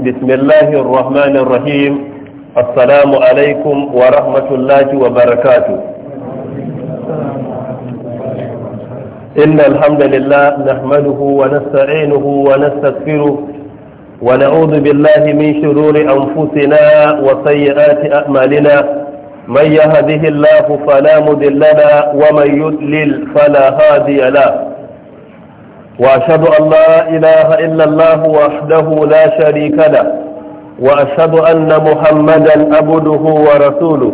بسم الله الرحمن الرحيم السلام عليكم ورحمة الله وبركاته إن الحمد لله نحمده ونستعينه ونستغفره ونعوذ بالله من شرور أنفسنا وسيئات أعمالنا من يهده الله فلا مضل له ومن يضلل فلا هادي له وأشهد أن لا إله إلا الله وحده لا شريك له وأشهد أن محمدا عبده ورسوله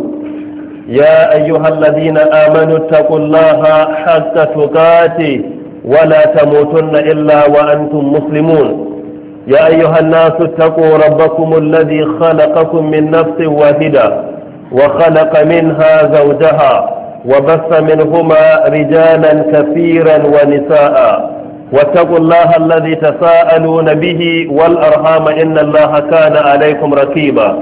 يا أيها الذين آمنوا اتقوا الله حتى تقاتي ولا تموتن إلا وأنتم مسلمون يا أيها الناس اتقوا ربكم الذي خلقكم من نفس واحدة وخلق منها زوجها وبث منهما رجالا كثيرا ونساء واتقوا الله الذي تساءلون به والأرحام إن الله كان عليكم رقيبا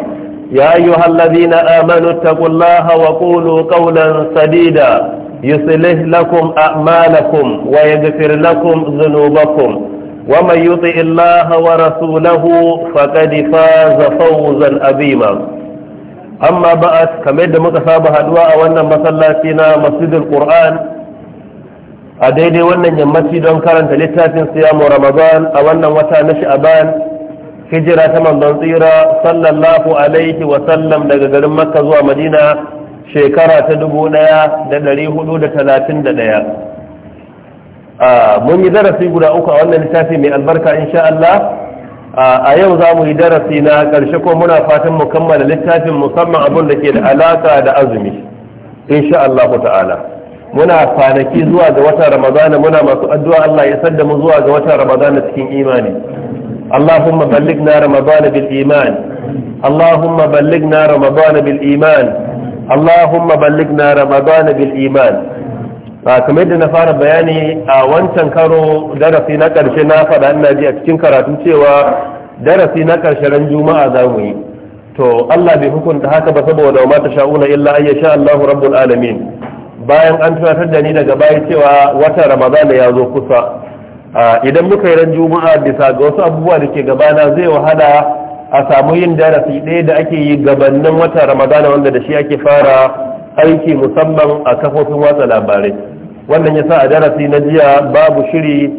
يا أيها الذين آمنوا اتقوا الله وقولوا قولا سديدا يصلح لكم أعمالكم ويغفر لكم ذنوبكم ومن يطع الله ورسوله فقد فاز فوزا عظيما أما بعد كما يدمك صاحب هدواء وأن مسلاتنا مسجد القرآن a daidai wannan yammaci don karanta littafin siyamu ramadan a wannan wata na sha'aban hijira ta manzon tsira sallallahu alaihi wa sallam daga garin makka zuwa madina shekara ta dubu ɗaya da dari hudu da talatin da ɗaya mun yi darasi guda uku a wannan littafi mai albarka insha Allah a yau za mu yi darasi na ƙarshe ko muna fatan mu kammala littafin musamman abin da ke da alaka da azumi insha Allah ta'ala muna kwanaki zuwa ga watan ramadana muna masu addu'a Allah ya sadda mu zuwa ga watan ramadana cikin imani Allahumma ballighna ramadana bil iman Allahumma ballighna ramadana bil iman Allahumma ballighna ramadana bil iman kamar yadda na fara bayani a wancan karo darasi na karshe na faɗa ina ji a cikin karatu cewa darasi na ƙarshe ran juma'a za mu yi to Allah bai hukunta haka ba saboda wa ma sha'una illa sha Allahu rabbul bayan an tunatar da ni daga baya cewa watan ramadana ya zo kusa idan muka yi ran juma'a bisa ga wasu abubuwa da ke gabana zai wahala a samu yin darasi ɗaya da ake yi gabanin watan ramadana wanda da shi ake fara aiki musamman a kafofin watsa labarai wannan ya sa a darasi na jiya babu shiri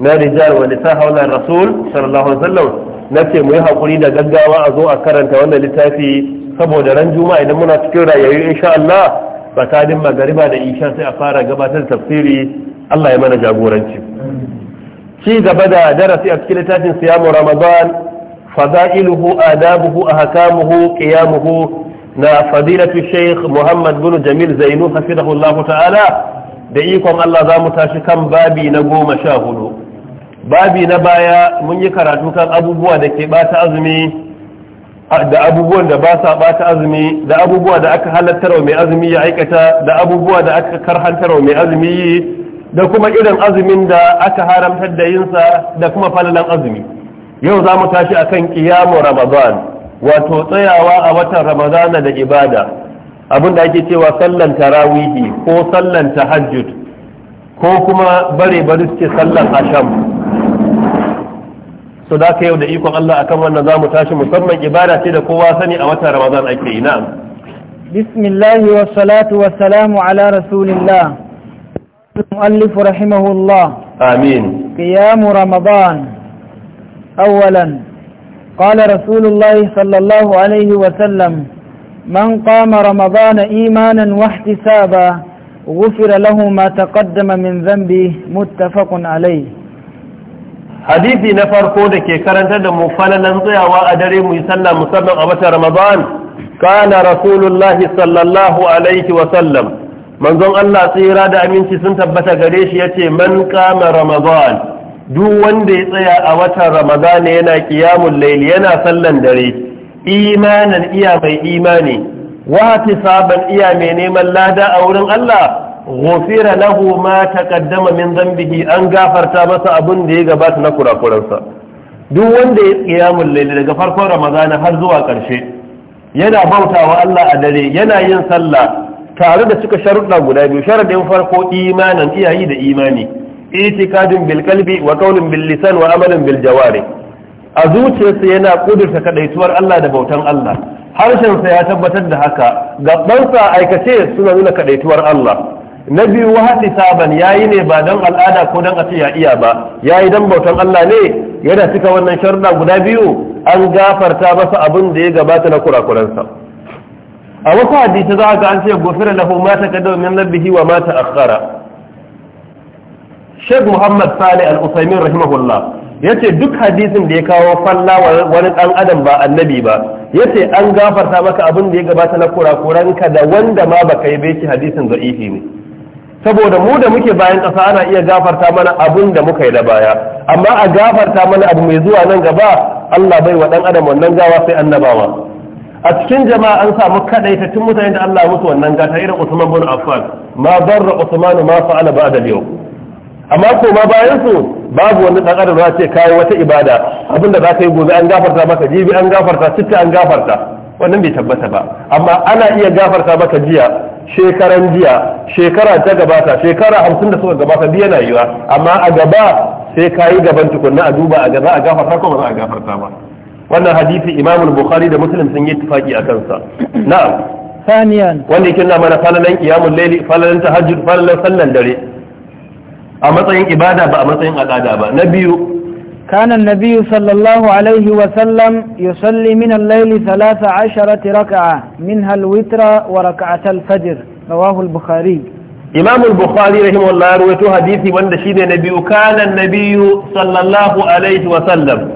na rijal wa nisa haula rasul sallallahu alaihi wasallam na ce mu yi hakuri da gaggawa a zo a karanta wannan littafi saboda ran juma'a idan muna cikin rayuwa insha Allah tsakanin magariba da isha sai a fara gabatar tafsiri Allah ya mana jagoranci ci gaba da darasi a cikin littafin siyamu ramadan fada'iluhu adabuhu ahkamuhu qiyamuhu na fadilatu sheikh muhammad bin jamil zainu Allah ta'ala da ikon Allah za mu tashi kan babi na goma sha hudu babi na baya mun yi karatu kan abubuwa da ke bata azumi da abubuwan da ba sa bata azumi da abubuwa da aka halattarwa mai azumi ya aikata da abubuwa da aka karhantarwa mai azumi yi da kuma irin azumin da aka haramtar da yinsa da kuma falalan azumi yau za mu tashi akan kiyamu ramadan wato tsayawa a watan ramadana da ibada abin da ake cewa sallan tarawihi ko sallan tahajjud ko kuma bare bari suke sallan asham to da ka yau da ikon Allah akan wannan za mu tashi musamman ibada ce da kowa sani a watan Ramadan ake yi na'am bismillah wa salatu wa salamu ala rasulillah Mu'allif rahimahullah Amin آمين قيام رمضان أولا قال رسول الله صلى الله عليه وسلم من قام رمضان إيمانا واحتسابا غفر له ما تقدم من ذنبه متفق عليه hadisi na farko da ke karantar da mu falalan tsayawa a dare mu yi sallah musamman a watan ramadan kana rasulullahi sallallahu alaihi wa sallam manzon Allah tsira da aminci sun tabbata gare shi yace man qama ramadan duk wanda ya tsaya a watan ramadan yana qiyamul layl yana sallan dare imanan iya mai imani wa sabon iya mai neman lada a wurin Allah ghufira lahu ma taqaddama zan dhanbihi an gafarta masa abin da ya gabata na kura kurakuransa duk wanda ya yi mun layl daga farkon ramadana har zuwa ƙarshe, yana bautawa Allah a dare yana yin sallah tare da cika sharuɗa guda biyu sharadin farko imanan iyayi da imani itikadin bil qalbi wa qawlin bil lisan wa amalin bil jawari a zuciyarsa yana kudurta kaɗaituwar Allah da bautan Allah harshensa ya tabbatar da haka gabansa aikace suna nuna kaɗaituwar Allah na biyu wahati saban yayi ne ba don al'ada ko don a ya iya ba yayi dan bautan Allah ne yana cika wannan sharuɗa guda biyu an gafarta masa abin da ya gabata na kurakuransa a wasu hadisi za ga an ce gofira lahu ma ta min labbihi wa ma ta'akhkhara Sheikh Muhammad Salih Al-Utsaimin rahimahullah yace duk hadisin da ya kawo falla wani ɗan adam ba annabi ba yace an gafarta maka abin da ya gabata na kurakuranka da wanda ma baka yi bai hadisin da'ifi ne saboda mu da muke bayan ƙasa ana iya gafarta mana abun da muka yi da baya amma a gafarta mana abu mai zuwa nan gaba Allah bai wa dan adam wannan gawa sai annabawa a cikin jama'a an samu kadaita tun mutane da Allah musu wannan gata irin Usman bin Affan ma barra Usman ma fa'ala ba'da yau amma ko ma bayan su babu wani dan adam ya ce kai wata ibada abinda za ka yi gobe an gafarta maka jibi an gafarta citta an gafarta wannan bai tabbata ba amma ana iya gafarta maka jiya shekaran jiya shekara ta gabata shekara hamsin da suka gabata biya na yiwa amma a gaba sai ka yi gaban tukunna a duba a gaba a gafarta ko ba za a gafarta ba wannan hadisi imamul bukhari da muslim sun yi tufaki a kansa na'am ثانيا wanda yake na mana falalan qiyamul layli falalan tahajjud falalan sallan dare a matsayin ibada ba a matsayin al'ada ba na biyu كان النبي صلى الله عليه وسلم يصلي من الليل ثلاث عشرة ركعة منها الوتر وركعة الفجر رواه البخاري إمام البخاري رحمه الله رويته حديثي وان شيد النبي كان النبي صلى الله عليه وسلم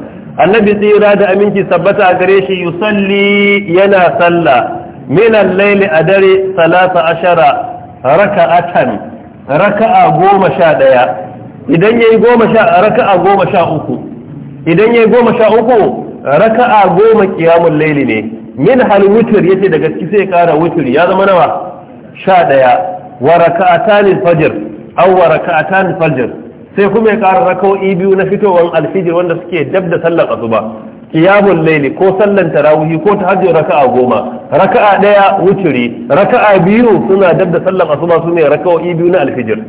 النبي سيرا دا أمينتي ثبت أغريشي يصلي ينا صلى من الليل أدري ثلاث عشرة ركعة ركعة قوم شادية idan yayi goma sha raka'a goma sha uku idan yayi goma sha uku raka'a goma qiyamul layli ne min hal witr yace daga ciki sai kara wutur ya zama nawa sha daya wa raka'atan al-fajr aw wa raka'atan fajr sai kuma ya kara raka'o'i biyu na fitowar al wanda suke dab da sallar asuba qiyamul layli ko sallan tarawih ko ta hajjo raka'a goma raka'a daya wuturi raka'a biyu suna dab da sallar asuba sune raka'o'i biyu na alfijir.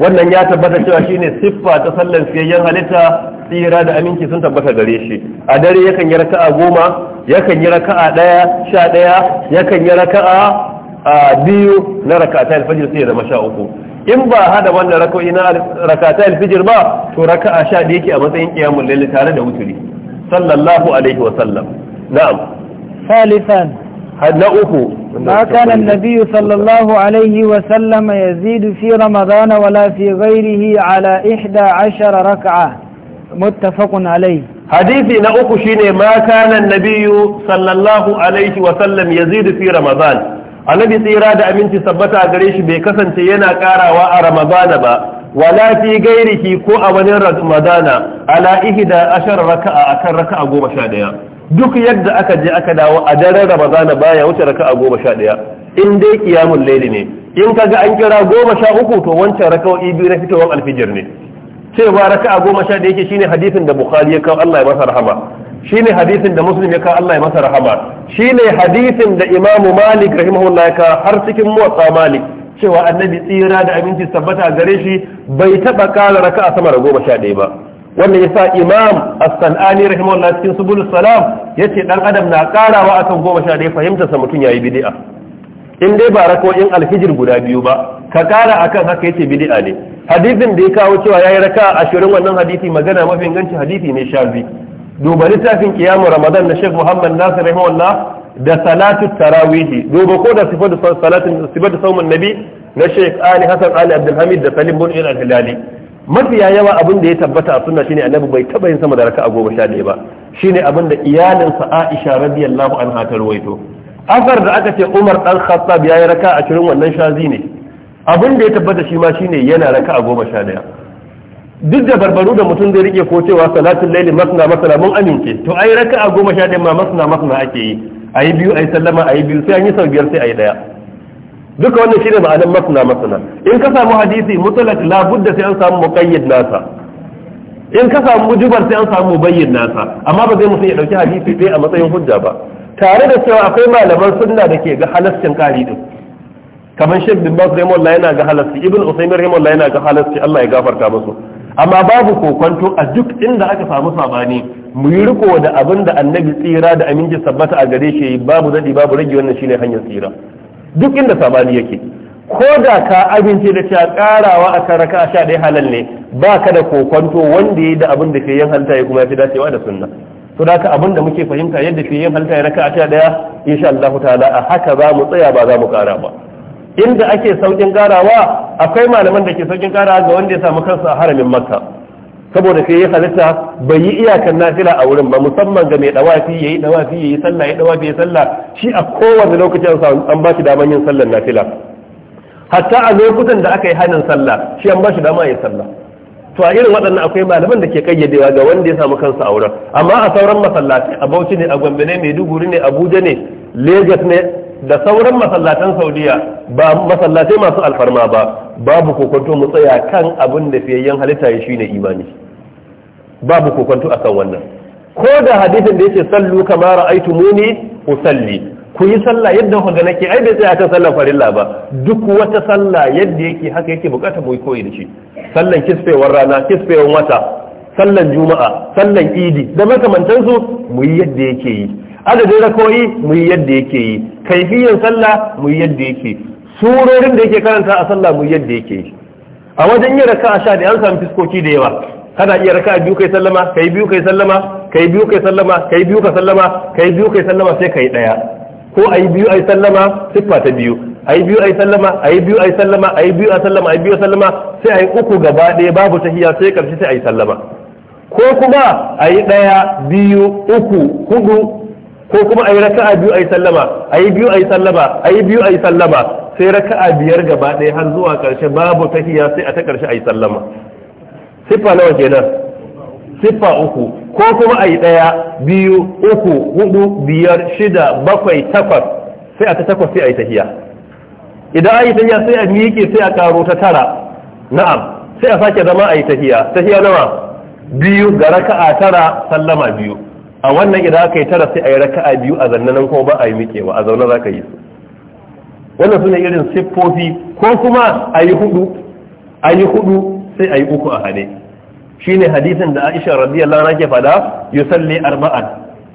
wannan ya tabbata cewa shine siffa ta sallan siyayyen halitta tsira da aminci sun tabbata gare shi a dare yakan yi raka'a goma yakan yi raka'a daya sha ɗaya yakan yi raka'a a biyu na rakata alfajir sai ya zama sha uku in ba hada wannan raka'o'i na rakata alfajir ba to raka'a sha da yake a matsayin qiyamul layl tare da wuturi sallallahu alaihi wa sallam na'am salifan. na uku ma kana annabi sallallahu alaihi wa sallam yazidu fi ramadana wala fi ghairihi ala 11 rak'a muttafaqun alaihi hadisi na uku shine ma kana annabi sallallahu alaihi wa sallam yazidu fi ramadan annabi tsira da aminci sabbata gare shi bai kasance yana karawa a ramadana ba wala fi gairiki ko a wani ramadana ala ihda ashar raka'a akan raka'a goma sha daya duk yadda aka je aka dawo a daren ramadana baya wuce raka'a goma sha ɗaya in dai kiyamun laili ne in kaga an kira goma sha uku to wancan raka'o'i biyu na fitowar alfijir ne cewa raka'a goma sha ɗaya ke shine hadisin da bukhari ya kawo Allah ya masa rahama shine hadisin da muslim ya kawo Allah ya masa rahama shine hadisin da imamu malik rahimahullah ya kawo har cikin muwatsa malik cewa annabi tsira da aminci tabbata gare shi bai taɓa kala raka'a sama da goma sha ɗaya ba wannan sa imam as-sanani rahimahullah cikin subul salam yace dan adam na karawa akan goma sha daya fahimta sa mutum yayi bid'a in dai ba rako'in alhijir guda biyu ba ka kara akan haka yace bid'a ne hadisin da ya kawo cewa yayi raka 20 wannan hadisi magana mafi inganci hadisi ne sha duba littafin kiyamu ramadan na Sheikh Muhammad Nasir rahimahullah da salatu tarawih duba ko da sifatu salatin sifatu saumun nabi na Sheikh Ali Hassan Ali abdulhamid da Salim bin Al-Hilali mafiya yawa abin da ya tabbata a sunna shine annabi bai taba yin sama da raka'a goma sha ɗaya ba shine abin da iyalinsa Aisha radiyallahu anha ta ruwaito asar da aka ce Umar dan Khattab yayi raka'a 20 wannan shazi ne abin da ya tabbata shi ma shine yana raka'a goma sha ɗaya duk da barbaru da mutum zai rike ko cewa salatul laili masna masna mun amince to ai raka'a goma sha ɗaya ma masna masna ake yi ayi biyu ayi sallama ayi biyu sai an yi sau biyar sai ayi ɗaya. duka wannan shine ma'anar masna masna in ka samu hadisi mutlaq la budda sai an samu muqayyid nasa in ka samu mujibar sai an samu mubayyin nasa amma ba zai mutum ya dauki hadisi sai a matsayin hujja ba tare da cewa akwai malaman sunna da ke ga halaccin kari din kamar Sheikh bin Baz rahimahullah yana ga halasci Ibn Usaymin rahimahullah yana ga halasci Allah ya gafarta musu amma babu kokonto a duk inda aka samu sabani mu yi riko da abin da annabi tsira da aminci sabbata a gare shi babu zadi babu rage wannan shine hanyar tsira duk inda sabani yake ko da ka amince da cewa karawa a kan raka sha ɗaya halal ne ba ka da kokwanto wanda ya da abin da ke yin halta ya kuma ya fi dacewa da sunna to da abin da muke fahimta yadda ke yin halta ya raka sha ɗaya insha Allah ta'ala a haka za mu tsaya ba za mu kara ba inda ake saukin karawa akwai malaman da ke saukin karawa ga wanda ya samu kansa a haramin makka saboda sai ya halitta bai yi iyakan nafila a wurin ba musamman ga mai dawafi yayi dawafi yayi sallah yayi dawafi yayi sallah shi a kowane lokaci an ba shi daman yin sallar nafila hatta a lokutan da aka yi hanin sallah shi an ba shi dama yayi sallah to a irin waɗannan akwai malaman da ke kayyadewa ga wanda ya samu kansa a wurin amma a sauran masallatai a Bauchi ne a Gombe ne Maiduguri ne Abuja ne Lagos ne da sauran masallatan saudiya ba masallatai masu alfarma ba babu kokonto mu tsaya kan abin da fiyayyen halitta ya shi ne imani babu kokonto akan wannan ko da hadisin da yake sallu kama ra'aytumuni usalli ku yi sallah yadda ku ga nake ai bai tsaya kan sallar farilla ba duk wata sallah yadda yake haka yake bukata mu koyi da shi sallan kisfewar rana kisfewar wata sallan juma'a sallan idi da makamantansu mu yi yadda yake yi adadin rakoyi mu yi yadda yake yi kaifiyan sallah mu yi yadda yake surorin da yake karanta a sallah mu yi yadda yake yi a wajen yin raka'a sha da an samu fiskoki da yawa kana iya raka'a biyu kai sallama kai biyu kai sallama kai biyu kai sallama kai biyu kai sallama kai biyu kai sallama sai kai daya ko ayi biyu ayi sallama siffa ta biyu ayi biyu ayi sallama ayi biyu ayi sallama ayi biyu ayi sallama ayi biyu sallama sai ayi uku gaba daya babu tahiyya sai karshe sai ayi sallama ko kuma ayi daya biyu uku hudu ko kuma a yi raka'a biyu a yi sallama a yi biyu a yi sallama a yi biyu a yi sallama sai raka'a biyar gaba ɗaya har zuwa ƙarshe babu tahiyya sai a ta ƙarshe a yi sallama siffa nawa kenan siffa uku ko kuma a yi ɗaya biyu uku hudu biyar shida bakwai takwas sai a ta takwas sai a yi tahiyya idan a yi tahiyya sai a miƙe sai a ƙaro ta tara na'am sai a sake zama a yi tahiyya tahiyya nawa biyu ga raka'a tara sallama biyu a wannan idan aka yi tara sai a yi raka'a biyu a nan kuma ba a yi miƙewa a zaune za ka yi su wannan suna irin siffofi ko kuma a yi hudu a yi hudu sai a yi uku a hade ne hadisin da Aisha radiyallahu anha ke fada yusalli arba'an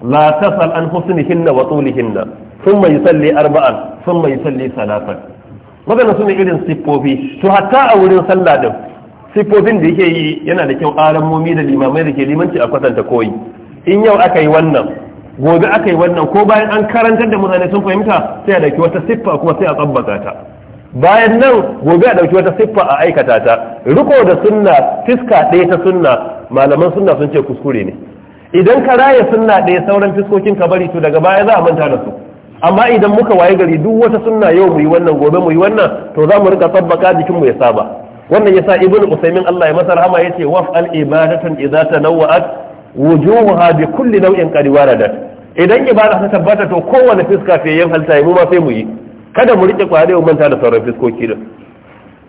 la tasal an husnihinna wa tulihinna thumma yusalli arba'an thumma yusalli salatan magana suna irin siffofi to hatta a wurin sallah din siffofin da yake yi yana da kyau alamomi da limamai da ke limanci a kwatanta koyi in yau aka yi wannan gobe aka yi wannan ko bayan an karantar da mutane sun fahimta sai a dauki wata siffa kuma sai a tsabbata ta bayan nan gobe a dauki wata siffa a aikata ta riko da sunna fiska ɗaya ta sunna malaman sunna sun ce kuskure ne idan ka raya sunna ɗaya sauran fiskokin ka bari to daga baya za a manta da su amma idan muka waye gari duk wata sunna yau mu yi wannan gobe mu yi wannan to za mu rika tsabbaka jikin mu ya saba wannan yasa ibnu usaymin Allah ya masa rahama yace waf al ibadatan idza tanawwa'at wujuhuha bi kulli nau'in qad waradat idan ibada ta tabbata to kowanne fiska fiye yan halta mu ba sai mu yi kada mu rike kware mu manta da sauran fiskoki da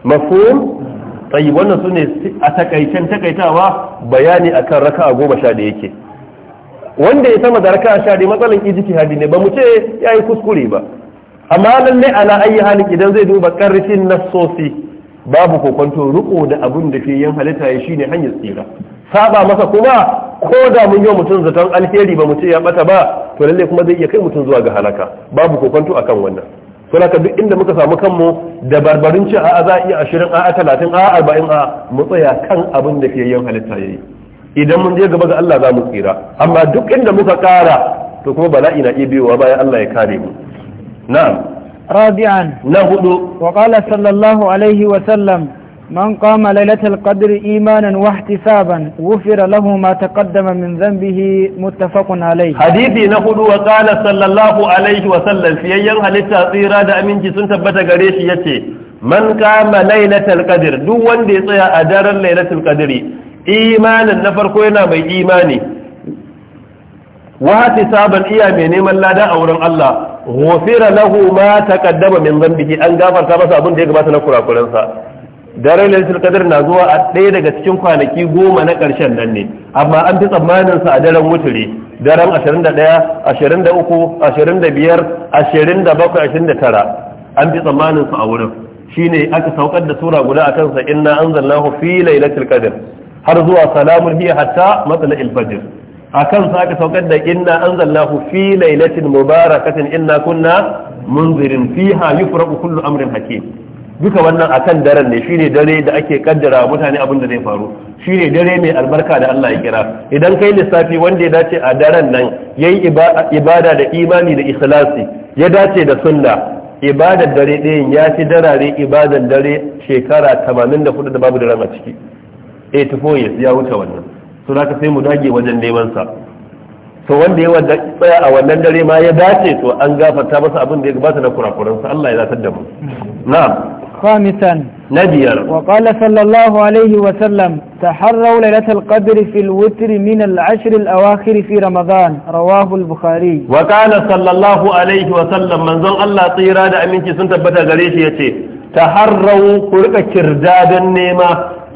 mafhum tayi wannan sune a takaicen takaitawa bayani akan raka'a goma sha yake wanda ya sama da raka'a sha da matsalan hadi ne ba mu ce yayi kuskure ba amma lalle ala ayi halin idan zai duba karfin nasosi babu kokonto riko da abun da fiye yan halitta ya shine hanyar tsira saba masa kuma ko da mun yi mutum zaton alheri ba mu ce ya bata ba to lalle kuma zai iya kai mutum zuwa ga halaka babu kokonto akan wannan to haka duk inda muka samu kanmu da barbarin ci a'a za iya ashirin a'a talatin a'a arba'in a'a mu tsaya kan abin da yin halitta ya yi idan mun je gaba ga Allah za mu tsira amma duk inda muka kara to kuma bala'i na iya biyowa bayan Allah ya kare mu na'am rabi'an na hudu wa qala sallallahu alaihi wa sallam من قام ليلة القدر إيمانا واحتسابا غفر له ما تقدم من ذنبه متفق عليه حديثي نقول وقال صلى الله عليه وسلم في أيام هل تأثير هذا أمين جسون تبت غريش يتي من قام ليلة القدر دو وندي صيا أدار ليلة القدر إيمانا نفر كوينا بي إيماني واحتسابا إيامي نيما لا دا أورا الله غفر له ما تقدم من ذنبه أن غفر كما سأبون ديك باتنا كرا كرنسا daren lailatul qadr na zuwa a ɗaya daga cikin kwanaki goma na ƙarshen nan ne amma an fi tsammanin sa a daren wuturi daren 21 23 25 27 29 an fi tsammanin sa a wurin shine aka saukar da sura guda a kansa inna anzalnahu fi lailatul qadr har zuwa salamun hiya hatta matla'il fajr a kansa aka saukar da inna anzalnahu fi lailatin mubarakatin inna kunna munzirin fiha yufraqu kullu amrin hakim duka wannan akan daren ne shine dare da ake kaddara mutane abin da zai faru shine dare mai albarka da Allah ya kira idan kai lissafi wanda ya dace a daren nan yayi ibada da imani da ikhlasi ya dace da sunna ibadar dare ɗayan ya fi darare ibadar dare shekara 84 da babu da rama ciki 84 eh years ya wuce wannan so zaka sai mu dage wajen neman sa to wanda ya wanda tsaya a wannan dare ma ya dace to an gafarta masa abin da ya gabata na kurakuransa Allah ya zatar da mu na'am خامسا نبير وقال صلى الله عليه وسلم تحروا ليلة القدر في الوتر من العشر الأواخر في رمضان رواه البخاري وقال صلى الله عليه وسلم من ظل الله طيرا دا أمينتي سنتبتا غريش يتي تحروا قرق كردادا نيما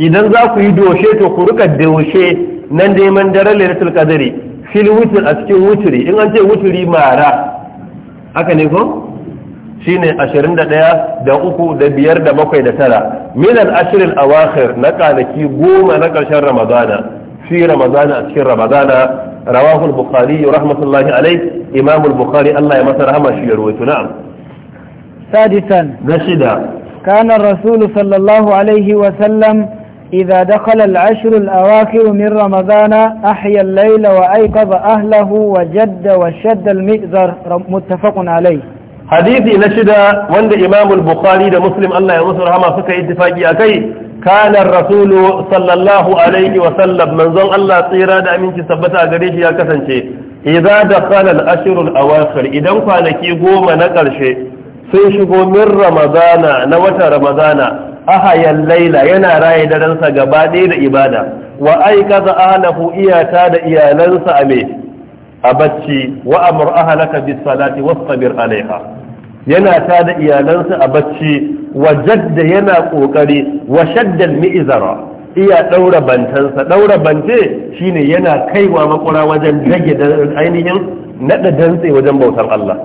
إذا ذاك يدوشي تقرق الدوشي نندي من در ليلة القدر في الوتر أسكي وتري إن أنت وتري مارا haka ne ko shine 21 da 3 da 5 da 7 da 9 min al-ashr al-awakhir na kanaki 10 na karshen ramadana fi ramadana a cikin ramadana rawahu al-bukhari rahmatullahi alayh imam al-bukhari Allah ya masa rahama shi ya rawaito na'am sadisan na shida kana rasul sallallahu alayhi wa sallam dakhala al-ashr al-awakhir min ramadana ahya al-layla wa رمضان ahlihi wa jadda wa shadda al-mizar muttafaqun alayh hadisi na shida wanda imamul bukhari da muslim Allah ya musu rahama suka yi tafaki a kai kanar rasulu sallallahu alaihi wa sallam manzon Allah tsira da aminci sabbata a gare shi ya kasance idza dakhala al a awakhir idan kwanaki goma na karshe sun shigo min ramadana na watan ramadana ahayan laila yana raye daransa gaba ɗaya da ibada wa aikaza ahlahu iyata da iyalansa a me a bacci wa amur ahlaka bis salati wastabir alaiha yana ta da iyalansa a bacci wa jadda yana kokari wa shaddan mi'izara iya daura bantansa daura bante shine yana kaiwa makura wajen rage ainihin nada dantse wajen bautar Allah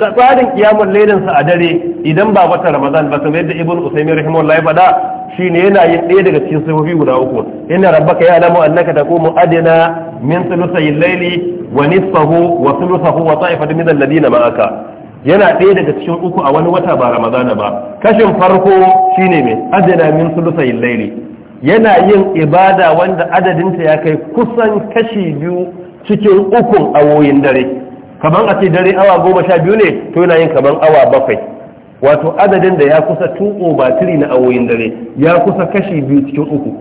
tsarin kiyamun lailinsa a dare idan ba wata ramadan ba kamar yadda ibn usaimin rahimahullah ya faɗa shine yana yin ɗaya daga cikin sifofi guda uku inna rabbaka ya alamu annaka taqumu adna min thuluthay al-layli wa nisfahu wa thuluthahu wa ta'ifatan min alladhina ma'aka yana ɗaya daga cikin uku a wani wata ba ramadana ba kashin farko shine mai adana min yin laili yana yin ibada wanda adadinta ya kai kusan kashi biyu cikin ukun awoyin dare kaman a ce dare awa goma sha biyu ne to yana yin kaman awa bakwai wato adadin da ya kusa tuko batiri na awoyin dare ya kusa kashi biyu cikin uku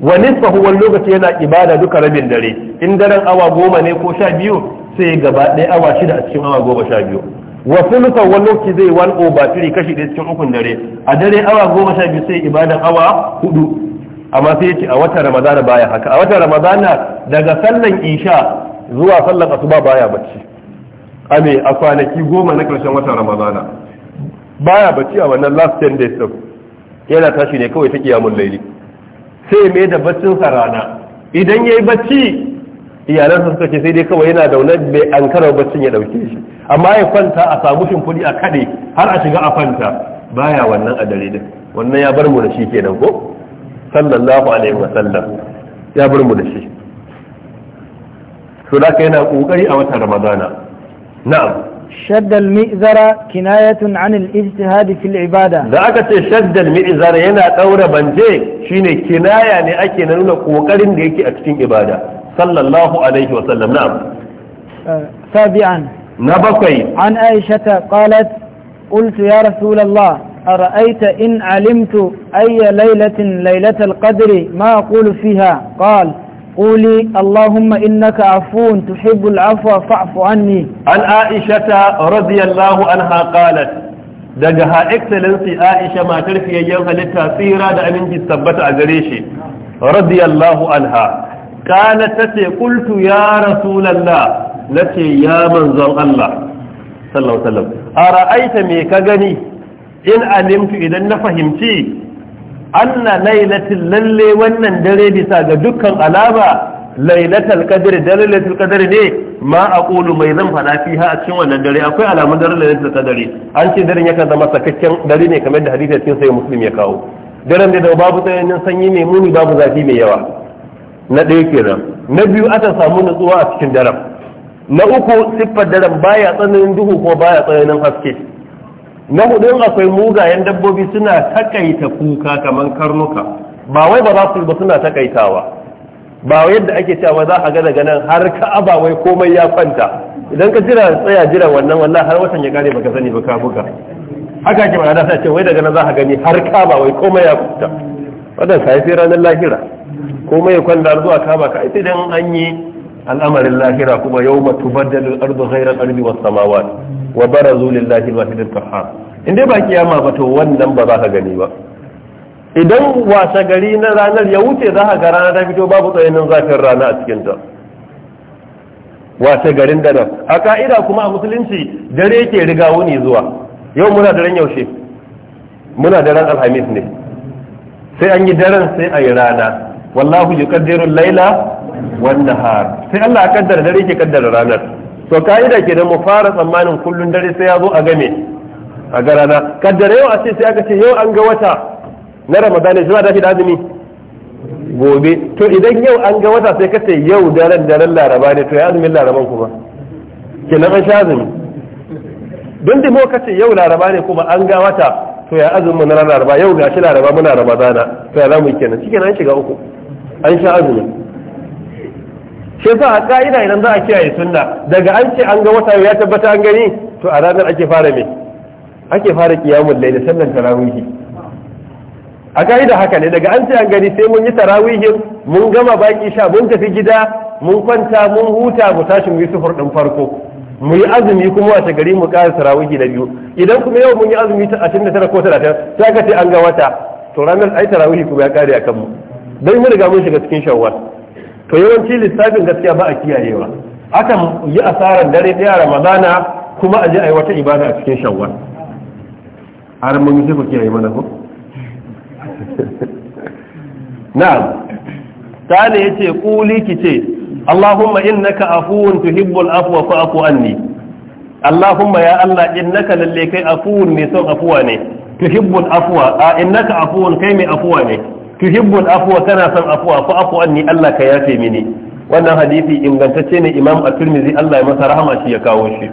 wani nisfahu lokaci yana ibada duka rabin dare in daren awa goma ne ko sha biyu sai gaba ɗaya awa shida a cikin awa goma sha biyu wa sulusa wani lokaci zai wani over three kashi ɗaya cikin ukun dare a dare awa goma sha biyu sai ibadan awa hudu amma sai yace a watan ramadana baya haka a watan ramadana daga sallan isha zuwa sallan asuba baya bacci ame a kwanaki goma na karshen watan ramadana baya bacci a wannan last 10 days din yana tashi ne kawai ta kiyamul laili sai mai da baccin sa rana idan yayi bacci iyalansa suka ce sai dai kawai yana da wani mai ankara baccin ya dauke shi amma ya kwanta a samu shimfiɗi a kaɗe har a shiga a kwanta baya wannan a dare din wannan ya bar mu da shi kenan ko sallallahu alaihi wa sallam ya bar mu da shi to da yana kokari a watan ramadana na'am شد المئزر كناية عن الاجتهاد في ibada. da aka ce shaddal al yana daura banje shine kinaya ne ake nuna kokarin da yake a cikin ibada صلى الله عليه وسلم نعم سابعا نبقي عن عائشة قالت قلت يا رسول الله أرأيت إن علمت أي ليلة ليلة القدر ما أقول فيها قال قولي اللهم إنك عفو تحب العفو فاعف عني عن عائشة رضي الله عنها قالت دقها اكسلنسي عائشة ما ترفي يوم للتأثير هذا جي ثبت عزريشي رضي الله عنها kana ta ce kultu ya rasulallah na ce ya manzon Allah sallallahu sallam a ra'aita me ka gani in alimtu idan na fahimci anna lailatin lalle wannan dare bisa ga dukkan alaba? lailatul qadr da qadr ne ma aqulu mai zan fada fiha a cikin wannan dare akwai alamun dare lailatul qadr an ce daren yakan zama sakakken dare ne kamar da hadisi cikin sai muslim ya kawo daren da babu tsananin sanyi mai muni babu zafi mai yawa na ɗaya kenan na biyu aka samu nutsuwa a cikin daren na uku siffar daren baya tsananin duhu ko baya tsananin haske na hudun akwai mugayen dabbobi suna takaita kuka kamar karnuka ba wai ba za su ba suna takaitawa ba yadda ake cewa za a ga daga nan har ka ba wai komai ya kwanta idan ka jira tsaya jira wannan wallahi har watan ya kare baka sani baka buga haka ke ba da ce wai daga nan za a gani har ka ba wai komai ya kwanta wannan sai ranar lahira komai ya kwanda zuwa kama ka ita dan an yi al'amarin lahira kuma yau matu baddalin ardu ghairan ardi was samawat wa barazu lillahi al-wahidil qahhar in dai ba kiyama ba to wannan ba za ka gani ba idan wasa gari na ranar ya wuce za ka ga rana ta fito babu tsayinin zafin rana a cikin ta wasa garin da nan a ka'ida kuma a musulunci dare ke riga wuni zuwa yau muna daren yaushe muna daren alhamis ne sai an yi daren sai a yi rana wallahu yuqaddiru al-laila wan nahar sai Allah ya kaddara dare ke kaddara ranar to kaida kenan mu fara tsammanin kullun dare sai ya zo a game a ga rana kaddara yau a ce sai aka ce yau an ga wata na ne zuwa dafi da azumi gobe to idan yau an ga wata sai ka ce yau daren daren laraba ne to ya azumin laraban kuma kenan an sha azumi don da ka ce yau laraba ne kuma an ga wata to ya azumin na laraba yau ga shi laraba muna ramadana to ya zamu kenan shi kenan shiga uku an sha azumi shi sa a ka'ida idan za a kiyaye sunna daga an ce an ga wata ya tabbata an gani to a ranar ake fara me ake fara kiyamul layl sallan tarawihi a ka'ida haka ne daga an ce an gani sai mun yi tarawihin mun gama baki sha mun tafi gida mun kwanta mun huta mu tashi mu yi sufur din farko mu yi azumi kuma wata gari mu ƙara tarawihi na biyu idan kuma yau mun yi azumi 29 ko 30 sai ka ce an ga wata to ranar ai tarawihi kuma ya kare a kanmu dai mun riga mun shiga cikin shawwal to yawanci lissafin gaskiya ba a kiyayewa akan yi asarar dare ɗaya ramadana kuma a je a yi wata ibada a cikin shawwal har mun yi ku kiyaye mana ko na'am ta yace quli ki ce Allahumma innaka afuwun tuhibbul afwa fa'fu anni Allahumma ya Allah innaka lalle kai afuwun mai son afuwa ne tuhibbul afwa a innaka afuwun kai mai afuwa ne tuhibbul afwa kana son afwa fa afu anni Allah ka yafe mini wannan hadisi ingantacce ne imam at-tirmidhi Allah ya masa rahama shi ya kawo shi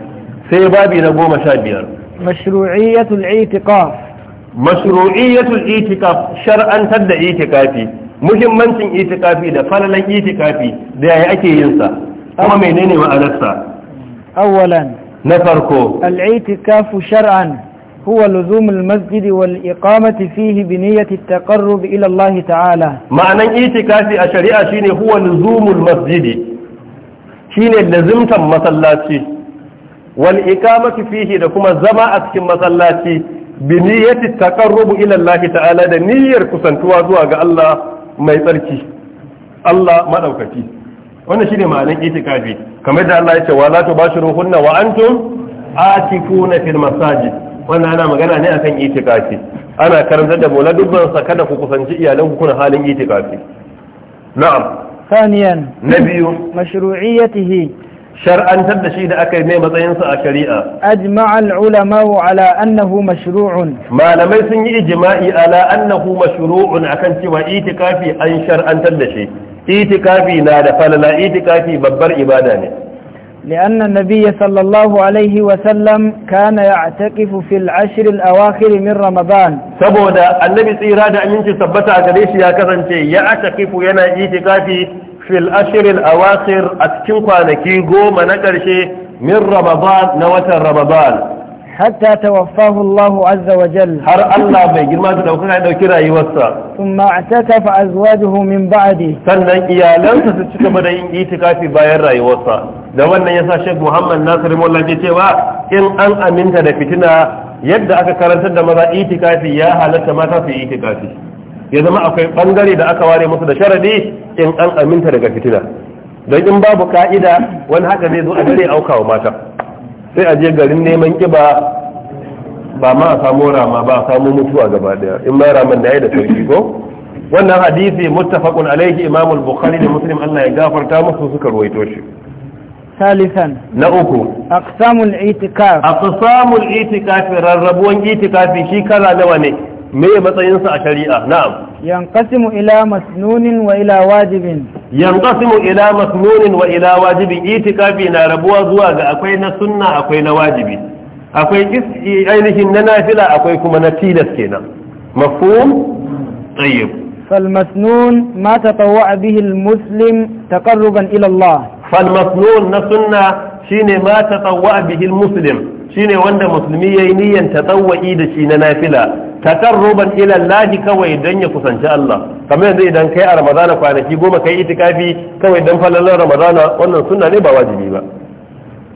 sai babi na goma sha biyar mashru'iyyatul i'tiqaf mashru'iyyatul i'tiqaf shar'antar da i'tikafi muhimmancin i'tikafi da falalan i'tikafi da yaya ake yin sa kuma menene ma'anarsa awwalan na farko al-i'tikafu shar'an هو لزوم المسجد والإقامة فيه بنية التقرب إلى الله تعالى معنى إيتكافي أشريع شيني هو لزوم المسجد شيني لزمت مسلاتي والإقامة فيه لكما زماء مسلاتي بنية التقرب إلى الله تعالى ده نير كسنتوا زوا الله ما يتركي الله ما دوكتي wannan shine ma'anar itikafi kamar da Allah ya ce wala tubashiruhunna wa antum atikuna fil masajid wannan ana magana ne akan itikafi ana karantar da mola dubban sa kada ku kusanci iyalan ku kuna halin itikafi na'am ثانيا نبي مشروعيته شرعا تدشي da akai mai matsayin sa a shari'a ajma'a al-ulama ala annahu mashru'un malamai sun yi ijma'i ala annahu mashru'un akan cewa itikafi an shar'antar da shi itikafi na da falala itikafi babbar ibada ne لأن النبي صلى الله عليه وسلم كان يعتكف في العشر الأواخر من رمضان سبودا النبي تيراد أمينتي ثبتا قريش يا كذنتي يعتكف ينا إيتكافي في العشر الأواخر أتكنقى نكيقو منكرشي من رمضان نوة رمضان hatta tawaffahu Allah azza wa jalla har Allah bai girma da daukaka ya dauki rayuwarsa thumma atakafa azwajuhu min ba'di sannan iyalansa su ci gaba da yin itikafi bayan rayuwarsa da wannan yasa Sheikh Muhammad Nasir Mullah ya cewa in an aminta da fitina yadda aka karantar da maza itikafi ya halatta mata su itikafi ya zama akwai bangare da aka ware musu da sharadi in an aminta daga fitina don in babu ka'ida wani haka zai zo a dare aukawa mata sai a je garin neman kiba ba ma a samu rama ba a samu mutuwa gaba daya in ma raman da ya da sarki ko wannan hadisi muttafaqun alaihi imam al-bukhari da muslim Allah ya gafarta musu suka ruwaito shi salisan uku aqsamul itikaf aqsamul itikaf rarrabuwan رربون shi kala nawa ne. me matsayinsa a shari'a na'am yanqasimu ila masnunin wa ila wajibin yanqasimu ila masnunin wa ila wajibin itikafi na rabuwa zuwa ga akwai na sunna akwai na wajibi akwai isti ainihin na nafila akwai kuma na tilas kenan mafhum tayyib fal masnun ma tatawwa bihi al muslim taqarruban ila allah fal masnun na sunna shine ma ta tsawwa bihil muslim shine wanda musulmi yayi niyyan ta tsawwai da shi na nafila takarruban ila lahi kawai dan ya kusanci Allah kamar yanzu idan kai a ramadana kwanaki goma kai itikafi kawai dan falalar ramadana wannan sunna ne ba wajibi ba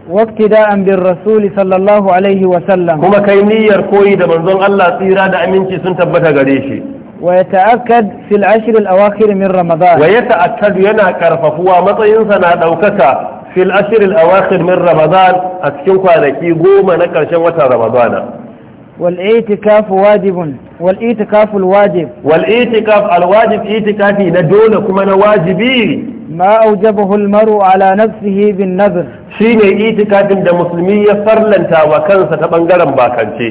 waqtida'an bir rasul sallallahu alaihi wa sallam kuma kai niyyar koyi da manzon Allah tsira da aminci sun tabbata gare shi ويتأكد في العشر الأواخر من رمضان ويتأكد ينا كرففوا ومطين سنة أو كتا fil ashirin a awakhir min ramadan a cikin kwanaki goma na karshen watan ramadan wal i'tikaf wajibun wajib wal i'tikaf i'tikafi na dole kuma na wajibi ma aujabahu al-mar'u ala nafsihi bin nadhr shine i'tikafin da musulmi ya farlanta wa kansa ta bangaren bakance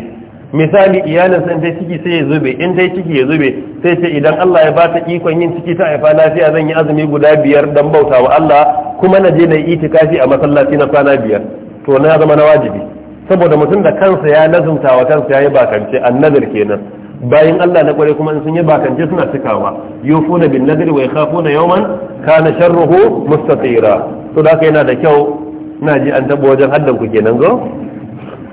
misali iyalin san dai ciki sai ya zube in dai ciki ya zube sai ce idan Allah ya bata ikon yin ciki ta haifa lafiya zan yi azumi guda biyar dan bauta wa Allah kuma na je na yi itikafi a masallaci na kwana biyar to na zama na wajibi saboda mutum da kansa ya lazumta wa kansa ya yi bakance annazir kenan bayan Allah na kware kuma in sun yi bakance suna cikawa yufuna bin nadri wa yakhafuna yawman kana sharruhu mustatira to da haka yana da kyau na ji an tabo wajen haddan ku kenan go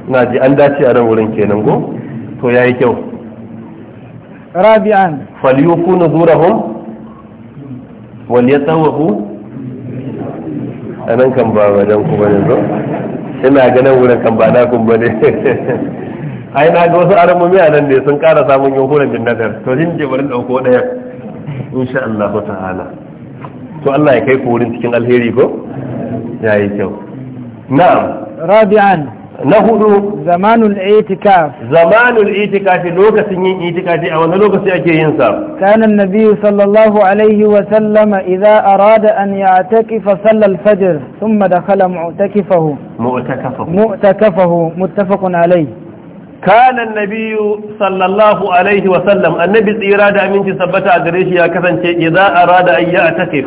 na ji an dace a nan wurin kenan go to yayi kyau rabi'an falyufu nuzurahum wal yatawahu anan kan ba wajen ku bane zo ina ganin wurin kan ba na kun bane ai na ga wasu aramomi a nan ne sun kara samun yunkurin bin nadar to shi ne barin dauko daya insha Allah ta'ala to Allah ya kai ku wurin cikin alheri ko yayi kyau na'am rabi'an na hudu zamanul itikaf zamanul itikaf lokacin yin itikafi a wani lokaci ake yin sa kana annabi sallallahu alaihi wa sallama idza arada an ya'takifa salla al-fajr thumma dakhala mu'takifahu mu'takafahu mu'takafahu muttafaqun alayhi kana annabi sallallahu alaihi wa sallam annabi tsira da aminci sabbata a gare shi ya kasance idza arada an ya'takif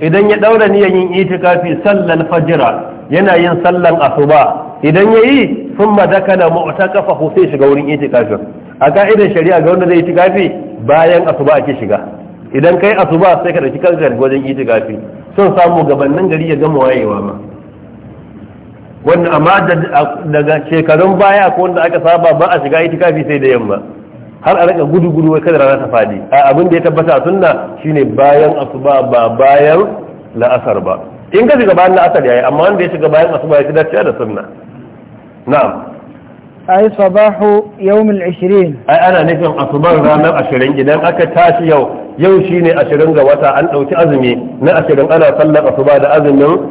idan ya daura niyyar yin itikafi sallan fajira yana yin sallan asuba idan yayi thumma kafa ko sai shiga wurin itikafin a ka'idar shari'a ga wanda zai itikafi bayan asuba ake shiga idan kai asuba sai ka dauki kanka wajen itikafi sun samu gabanin gari ya gama wayewa ma wannan amma daga shekarun baya ko wanda aka saba ba a shiga itikafi sai da yamma har a rika gudu gudu wai kada rana ta fadi a abin da ya tabbata a sunna shine bayan asuba ba bayan la'asar ba in ka shiga bayan la'asar yayi amma wanda ya shiga bayan asuba ya fi dacewa da sunna na'am ai sabahu yawm al-20 ai ana nufin asuban ranar 20 idan aka tashi yau yau shine 20 ga wata an dauki azumi na 20 ana sallar asuba da azumin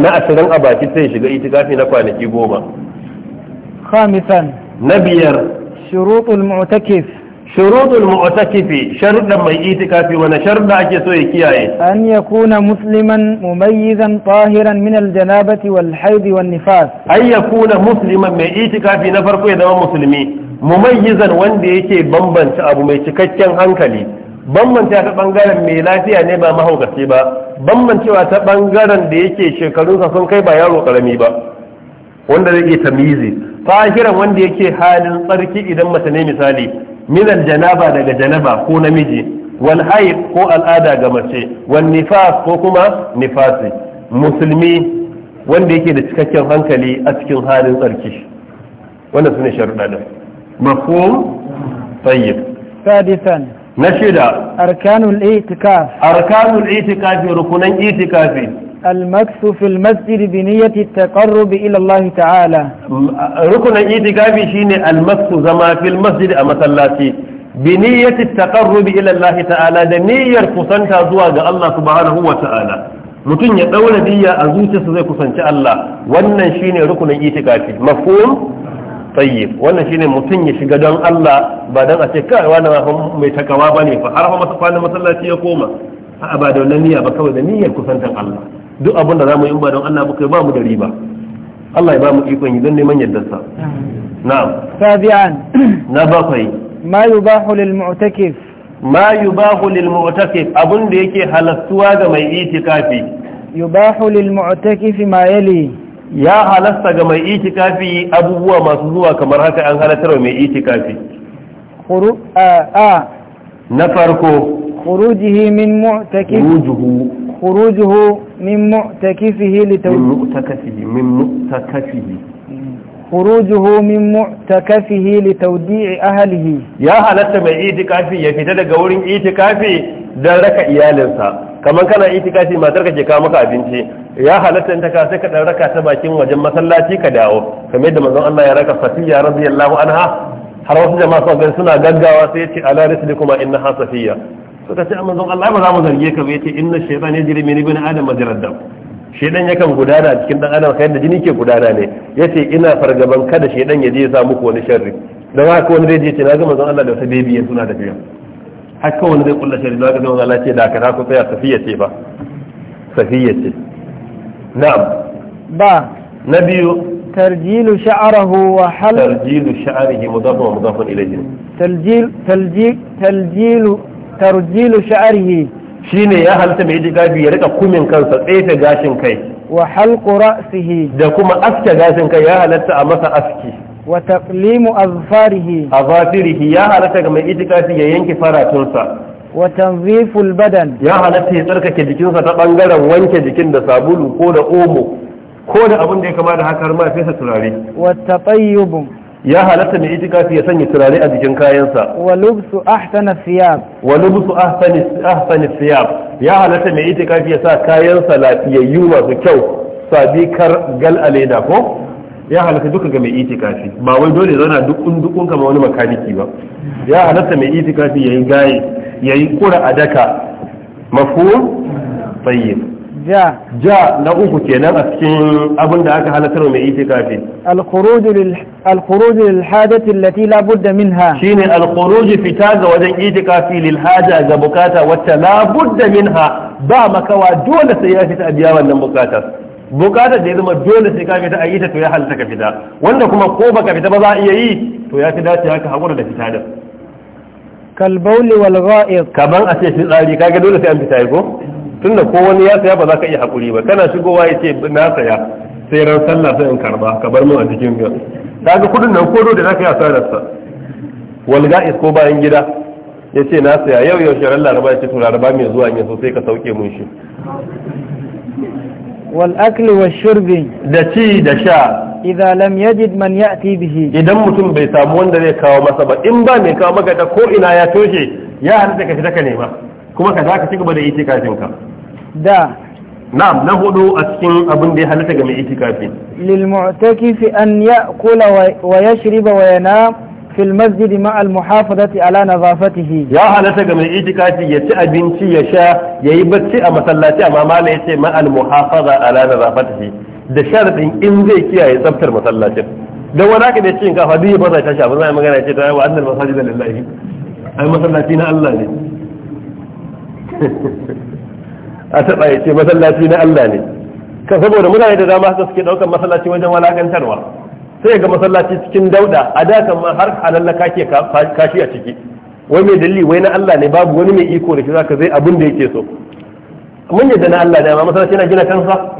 na ashirin a baki sai shiga itikafi na kwanaki goma khamisan na biyar shurutul mu'takif shurudul mu'takifi sharudan mai itikafi wani sharuda ake so ya kiyaye an yakuna musliman mumayyizan tahiran min aljanabati wal haidi wan nifas ay yakuna musliman mai itikafi na farko ya zama musulmi mumayyizan wanda yake bambanta abu mai cikakken hankali bambanta ta bangaren mai lafiya ne ba mahaukaci ba bambancewa ta bangaren da yake shekarunsa sun kai ba yaro karami ba wanda zai iya tamizi tahiran wanda yake halin tsarki idan mace ne misali minan janaba daga janaba ko namiji wal haid ko al'ada ga mace wal nifas ko kuma nifasi musulmi wanda yake da cikakken hankali a cikin halin tsarki wanda su ne sharuɗa ɗin mafhum tayyib sadisan na shida arkanul itikaf arkanul itikafi rukunan itikafi almaksu fil masjid bi niyyati taqarrub ila Allah ta'ala rukun itikafi shine almaksu zama fil masjid a masallaci bi niyyati taqarrub ila Allah ta'ala da niyyar kusanta zuwa ga Allah subhanahu wa ta'ala mutum ya daura diyya a zuciyarsa zai kusanci Allah wannan shine rukunin itikafi mafhum tayyib wannan shine mutum ya shiga don Allah ba dan a ce kai wannan mai takawa bane fa har fa masallaci ya koma a'a ba da wannan niyya ba kawai da niyyar kusantan Allah duk abin da zamu yi ba don Allah ba kai ba mu da riba Allah ya ba mu ikon yi don neman yardarsa na'am sabi'an na bakwai ma yubahu lil mu'takif ma yubahu lil mu'takif abun da yake halastuwa ga mai itikafi yubahu lil mu'takif ma yali ya halasta ga mai itikafi abubuwa masu zuwa kamar haka an halatar mai itikafi a na farko خروجه من معتكف خروجه خروجه من معتكفه لتوجيه من معتكفه خروجه من معتكفه لتوديع أهله يا هلت من إيتكافي يفتد قول إيتكافي kana itikafi matar ka ke kawo maka abinci ya halatta ta ka ka dan raka ta bakin wajen masallaci ka dawo kamar yadda manzon Allah ya raka Safiya radiyallahu anha har wasu jama'a suna gaggawa sai ya ce ala na ha safiya suka ce amma ah, zan Allah ba za mu zarge ka ba yace inna shaytan yajri min ibn adam majrad dam shaytan yakan gudana cikin dan adam kai da jini ke gudana ne yace ina fargaban kada shaytan ya je ya sa muku wani sharri dan haka wani zai je ce na ga manzon Allah da wata bebi ya suna da biya haka wani zai kulla sharri zaka ga manzon Allah ce da ka ku tsaya safiya ce ba safiya ce na'am ba na biyu ترجيل شعره وحلق ترجيل شعره مضاف ومضاف إليه ترجيل ترجيل ترجيل tarjilu sha'rihi shine ya halatta mai gabi ya rika kumin kansa tsefe gashin kai wa halqu ra'sihi da kuma aske gashin kai ya halatta a masa aski wa taqlimu azfarihi azafirihi ya halatta ga mai itikafi ya yanke faratunsa wa tanziful badan ya halatta ya tsarkake jikinsa ta bangaren wanke jikin da sabulu ko da omo ko da abin da ya kama da haka har ma fesa turare wa tatayyubun ya halatta mai itikafi ya sanya turare a jikin kayansa wa lubsu ahsana thiyab wa lubsu ahsani ahsani thiyab ya halatta mai itikafi ya sa kayansa lafiyayyu masu kyau sabi kar gal aleda ko ya halatta duka ga mai itikafi ba wai dole zauna dukun dukun kamar wani makaniki ba ya halatta mai itikafi yayi gayi yayi kura adaka mafhum tayyib ja ja na uku kenan a cikin abin da aka halatar mai itikafi kafi. khuruj lil hajati allati la budda minha shine al fita ga wajen itikafi kafi lilhaja ga bukata wacce la budda minha ba makawa dole sai ya fita biya wannan bukatar bukatar da ya zama dole sai ka fita a yi ta to ya halatta ka fita wanda kuma ko baka fita ba za a iya yi to ya fi dace haka hakura da fita da kalbauli wal gha'iz kaman a ce fitsari kage dole sai an fita ko tunda ko wani ya saya ba za ka iya hakuri ba kana shigowa ya ce na saya sai ran sallah sai in karba ka bar min a cikin ga kudin nan ko da za ka yi asarar sa wal ga'is ko bayan gida ya ce na saya yau yau shirin laraba ya ce to laraba mai zuwa ne so sai ka sauke mun shi wal akli wa shurbi da ci da sha idan lam yajid man ya'ti bihi idan mutum bai samu wanda zai kawo masa ba in ba mai kawo maka da ko ina ya toshe ya halitta ka fita ka nema kuma ka za ka ci gaba da itikafin ka da na'am na hudu a cikin abin da ya halatta ga mai itikafi lil mu'takifi an ya'kula wa yashriba wa yanam في المسجد مع المحافظة على نظافته ya هلتا ga mai itikafi ya ci abinci ya sha yayi bacci a masallaci amma mala yace ma al muhafaza ala nazafatihi da sharadin in zai kiyaye tsaftar masallacin dan wani haka da cin kafa duk ba zai tashi ba zai magana yace ta wa annal masajid lillahi ai masallaci na Allah ne a taɓa ya ce masallaci na Allah ne kan saboda muna da dama haka suke ɗaukar masallaci wajen walakantarwa sai ga masallaci cikin dauda a da ma har halallaka kake kashi a ciki wai mai dalili wai na Allah ne babu wani mai iko da shi zaka zai abin da yake so mun yadda na Allah dama masallaci yana gina kansa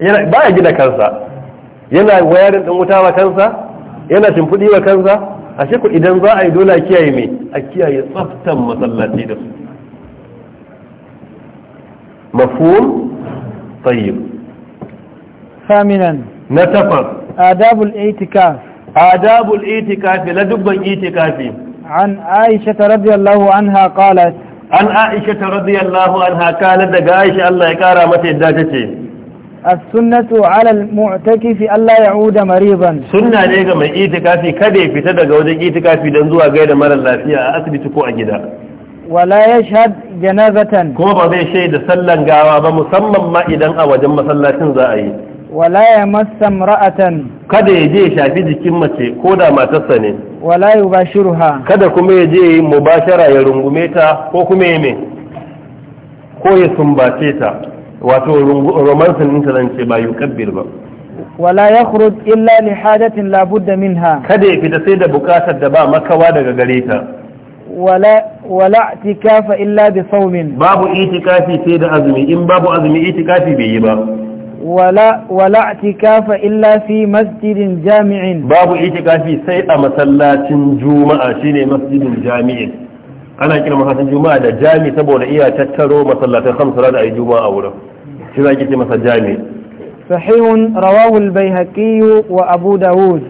yana baya gina kansa yana wayarin dan wuta wa kansa yana shimfudi wa kansa ashe ku idan za a yi dole a kiyaye mai a kiyaye tsaftan masallaci da su مفهوم طيب ثامنا نتفق آداب الاعتكاف آداب الاعتكاف لدبا اعتكاف عن عائشة رضي الله عنها قالت عن عائشة رضي الله عنها قالت دقا عائشة الله يكارا متى داتتي السنة على المعتكف ألا يعود مريضا سنة ne ga mai itikafi kada ya fita daga wajen itikafi dan zuwa gaida mara lafiya a asibiti ko a gida wala yashhad janazatan ko ba zai shaida sallan gawa ba musamman ma idan a wajen masallacin za a yi wala ya massa ra'atan kada ya je shafi jikin mace ko da matarsa ne wala yubashiruha kada kuma ya je mubashara ya rungume ta ko kuma ya yi me ko ya sumbace ta wato romansin ɗinta zan ce ba yukabbir ba wala ya illa ni li da min ha. kada ya fita sai da bukatar da ba makawa daga gare ta wala wala i'tikafa illa bi sawmin babu i'tikafi sai da azumi in babu azumi i'tikafi bai yi ba wala wala i'tikafa illa fi masjidin jami'in babu i'tikafi sai a masallacin juma'a shine masjidin jami'in ana kira masallacin juma'a da jami saboda iya tattaro masallatan khamsa da ayi juma'a wurin shi zaki ce masa jami sahihun rawahu al-baihaqi wa abu dawud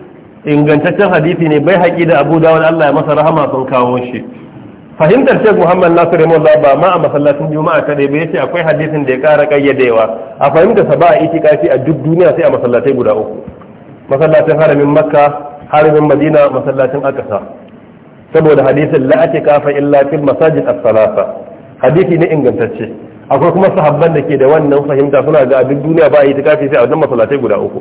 ingantaccen hadisi ne bai haƙi da abu dawud Allah ya masa rahama sun kawo shi fahimtar shek Muhammad Nasir Rahimullah ba ma a masallacin Juma'a kadai ba yace akwai hadisin da ya kara kayyadewa a fahimta sa ba a itikafi a duk duniya sai a masallatai guda uku masallacin haramin Makka haramin Madina masallacin Aqsa saboda hadisin la atikafa illa fil masajid as-salasa hadisi ne ingantacce akwai kuma sahabban da ke da wannan fahimta suna ga a duk duniya ba a itikafi sai a wannan masallatai guda uku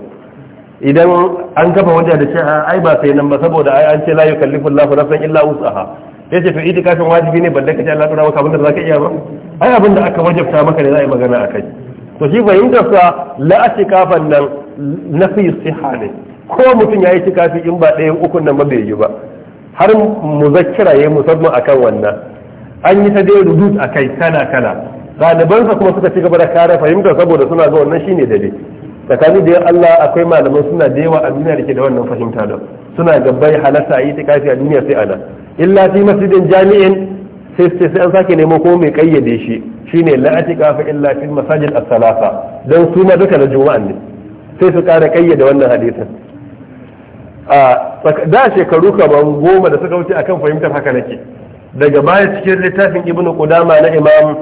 idan an kafa wajen da ce ai ba sai nan ba saboda ai an ce la yukallifu Allahu nafsan illa wus'aha ya ce to itikafin wajibi ne balle ka ce Allah tura maka da za ka iya ba ai abin da aka wajabta maka ne za a yi magana a kai to shi fahimtar sa la atikafan nan na fi siha ne ko mutum ya yi tikafi in ba ɗayan ukun nan ba bai yi ba har mu zakira ya musamman akan wannan an yi ta dai rudud a kai kala kala sa kuma suka ci gaba da kare fahimtar saboda suna ga wannan shine dade tsakani da Allah akwai malaman suna da yawa a duniya da ke da wannan fahimta da suna ga bai halatta yi tikafi a duniya sai nan. illa fi masjidin jami'in sai sai an sake nemo ko mai kayyade shi shine la atika fa illa fi masajid as-salasa dan su ma duka na juma'a ne sai su kara kayyade wannan hadisin a da shekaru kaman goma da suka wuce akan fahimtar haka nake daga baya cikin littafin ibnu qudama na imam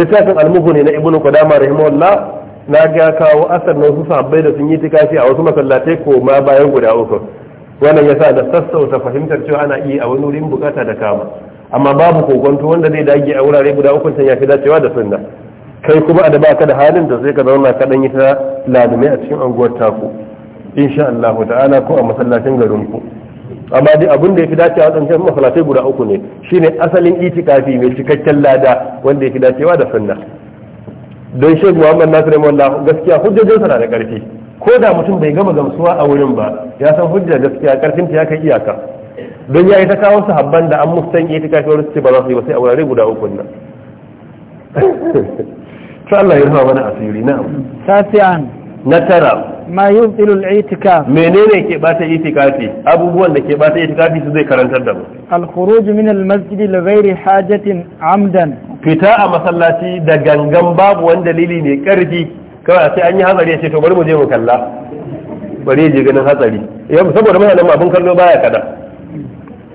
littafin al-mughni na ibnu qudama rahimahullah na ga kawo asar na wasu sabbai da sun yi tikafi a wasu masallatai ko ma bayan guda uku wannan yasa da sassauta fahimtar cewa ana iya a wani wurin bukata da kama amma babu kokonto wanda zai dage a wurare guda uku ya yafi dacewa da sunna kai kuma a da ka da halin da sai ka zauna ka dan yi ta lalume a cikin anguwar taku insha Allah ta'ala ko a masallacin garin ku amma dai abin da yafi dacewa dan cikin masallacin guda uku ne shine asalin itikafi mai cikakken lada wanda yafi dacewa da sunna don shek Muhammad Nasir Mullah gaskiya hujjojinsa na da ƙarfi. ko da mutum bai gama gamsuwa a wurin ba ya san hujjar gaskiya karfin ya kai iyaka don ya yi ta kawo habban da an mustan yi ta kafin wurin ce ba za su yi ba sai a wurare guda uku nan ta Allah ya rufa mana asiri na tasiyan na tara ma yubtilu al-i'tikaf menene ke bata itikafi abubuwan da ke bata itikafi su zai karantar da mu al-khuruj min al-masjid li ghairi hajatin amdan fita a masallaci da gangan babu wani dalili ne karfi kawai sai an yi hatsari ya ce to bari mu je mu kalla bari ya je ganin hatsari eh, saboda mahalan abin kallo baya kada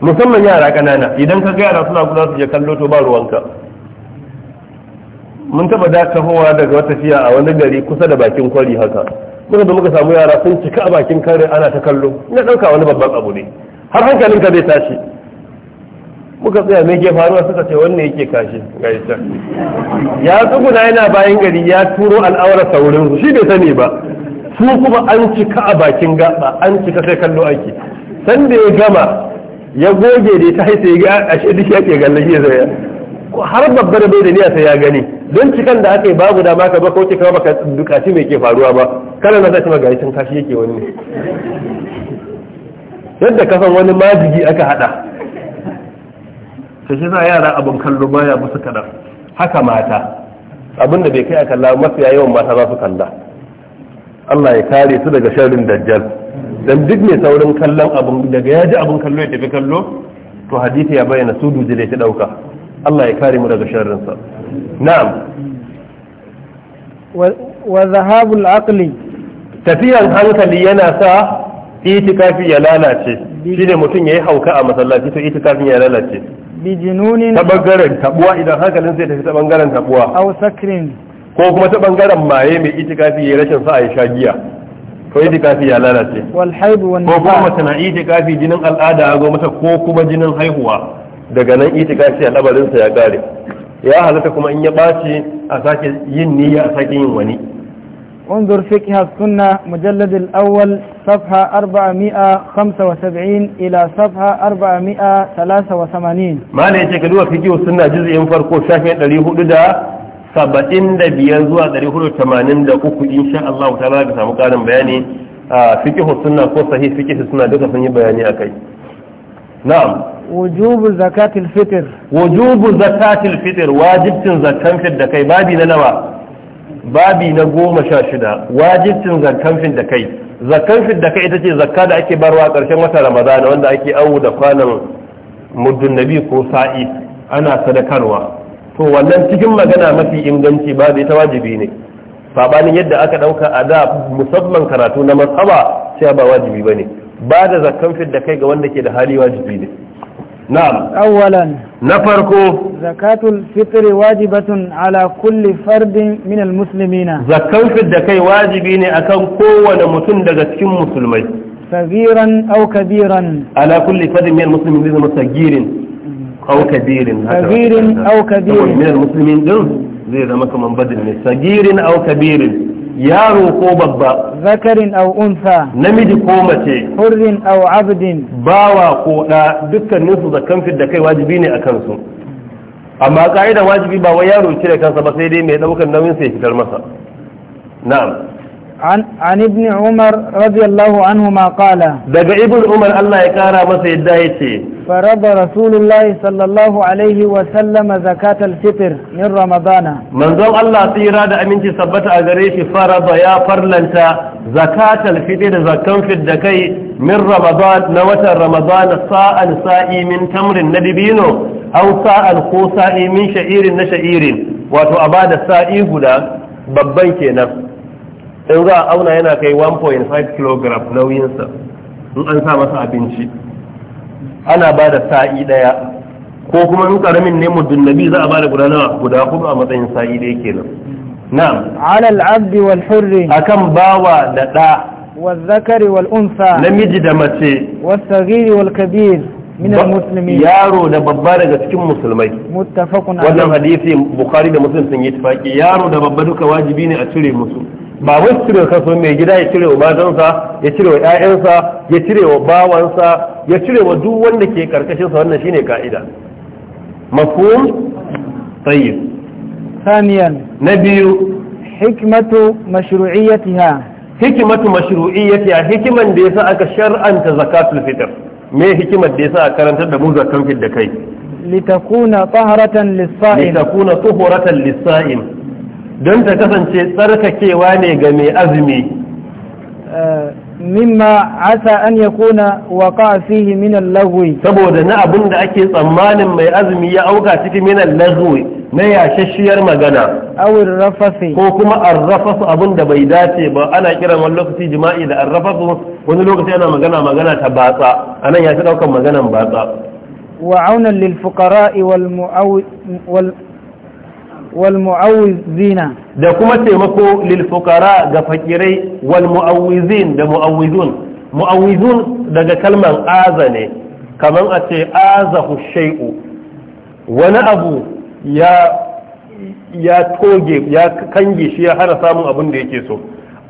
musamman yara kanana idan ka ga yara suna kula su je kallo to ba ruwanka mun taba dakahowa daga wata tafiya a wani gari kusa da bakin kwari haka muna da muka samu yara sun cika a bakin kare ana ta kallo ina ɗauka wani babban abu ne har hankalinka zai tashi muka tsaya mai ke faruwa suka ce wannan yake kashi ga ita ya tsuguna yana bayan gari ya turo al'aura saurin shi bai sani ba su kuma an cika a bakin gaba an cika sai kallo ake sanda ya gama ya goge da ta haifa ya ashe duk ya ke gallashi ya zaya har babbar bai da niyya sai ya gani don cikan da aka yi babu dama ka ba ko cika ba ka dukaci mai ke faruwa ba kana na zai ga kashi yake wani yadda kasan wani majigi aka hada ta shi za yara abin kallo baya musu kaɗan haka mata abinda bai kai a kalla mafiya yawan mata za su kalla Allah ya kare su daga sharrin dajjal dan duk mai saurin kallon abin daga yaji abin kallo ya tafi kallo to hadisi ya bayyana su duje da ya dauka Allah ya kare mu daga sharrin sa na'am wa zahabul aqli tafiyan hankali yana sa itikafi ya lalace shine mutum yayi hauka a masallaci to itikafin ya lalace bijinuni ta bangaren tabuwa idan hankalin sai tafi ta bangaren tabuwa aw sakrin ko kuma ta bangaren maye mai itikafi ya rashin sa ya sha giya ko itikafi ya lalace wal wan ko kuma mace na itikafi jinin al'ada ya zo mata ko kuma jinin haihuwa daga nan itikafi ya labarin sa ya gare ya halatta kuma in ya ɓaci a sake yin niyya a sake yin wani انظر فقه السنة مجلد الأول صفحة 475 إلى صفحة 483 ما ليتك دوا فقه السنة جزء فرقو شافية لليه لدى saba'in da biyar zuwa ɗari hudu tamanin da uku insha Allah ta za ka samu ƙarin bayani a fikihu sunna ko sahih fikihu sunna duka sun bayani a kai wujubu zakatil fitr wujubu zakatil fitr wajibcin zakan da kai babu na nawa babi na goma sha shida wajibcin zakan da kai zakan da kai ita ce zakka da ake barwa a ƙarshen wata ramadana wanda ake awo da kwanan muddin nabi ko sa'i ana sadakarwa to wannan cikin magana mafi inganci ba ita wajibi ne sabanin yadda aka ɗauka a da musamman karatu na matsaba sai ba wajibi ba ne ba da da kai ga wanda ke da hali wajibi ne نعم أولا نفرك زكاة الفطر واجبة على كل فرد من المسلمين زكاة الفطر واجبين أكون قوة متندقة مسلمين صغيرا أو كبيرا على كل فرد من المسلمين صغير أو كبير صغير أو كبير من المسلمين دل زي ما كمان بدل صغير أو كبير yaro ko babba zakarin aw unsa namiji ko mace hurrin aw abdin bawa ko da nufu da zakan fidda kai wajibi ne a kansu amma ka'ida wajibi ba wai yaro cire kansa ba sai dai mai daukan nauyin sai fitar masa na'am عن عن ابن عمر رضي الله عنهما قال دغ ابن عمر الله يكرا مسا يدا يتي فرض رسول الله صلى الله عليه وسلم زكاة الفطر من رمضان من ذو الله تيرا دا امينتي ثبت اغريش فرض يا فرلنتا زكاة الفطر زكاة في الدكي من رمضان نوة رمضان ساء سائي من تمر ندبينو او ساء خو سائي من شعير نشعير واتو اباد سائي غدا babban kenan in za a auna yana kai 1.5 kg nauyinsa in an sa masa abinci ana ba da sa'i daya ko kuma in karamin ne muddin nabi za a ba da guda nawa guda kuma a matsayin sa'i daya kenan na'am ala al-abdi wal hurri akan bawa da da wal zakari wal unsa namiji da mace was saghiri wal kabir min al-muslimin yaro da babba daga cikin musulmai muttafaqun wannan hadisi bukhari da muslim sun yi tafaki yaro da babba duka wajibi ne a cire musu ba wai cire kaso mai gida ya cire wa matansa ya cire wa ƴaƴansa ya cire wa bawansa ya cire wa duk wanda ke karkashin sa wannan shine ka'ida mafhum tayyib thaniyan نبي حكمة مشروعيتها hikimatu mashru'iyyati a hikiman da yasa aka shar'anta zakatul fitr me hikmar da yasa aka karantar da mu zakatul fitr da kai litakuna taharatan lis-sa'im litakuna tuhuratan lis-sa'im don ta kasance tsarkakewa ne ga mai azumi mimma asa an ya yakuna waqa fihi min al-lagwi saboda na abin da ake tsammanin mai azumi ya auka ciki minan al-lagwi na yashashiyar magana awir rafasi ko kuma arrafasu abin da bai dace ba ana kiran wani lokaci jima'i da arrafasu wani lokaci ana magana magana ta batsa anan ya fi daukan maganan batsa wa aunan lil fuqara wal wal mu'awwizina da kuma taimako lil fuqara ga fakirai wal mu'awwizin da mu'awwizun mu'awwizun daga kalmar aza ne kaman a ce azahu shay'u wani abu ya ya toge ya kange shi ya hana samun abin da yake so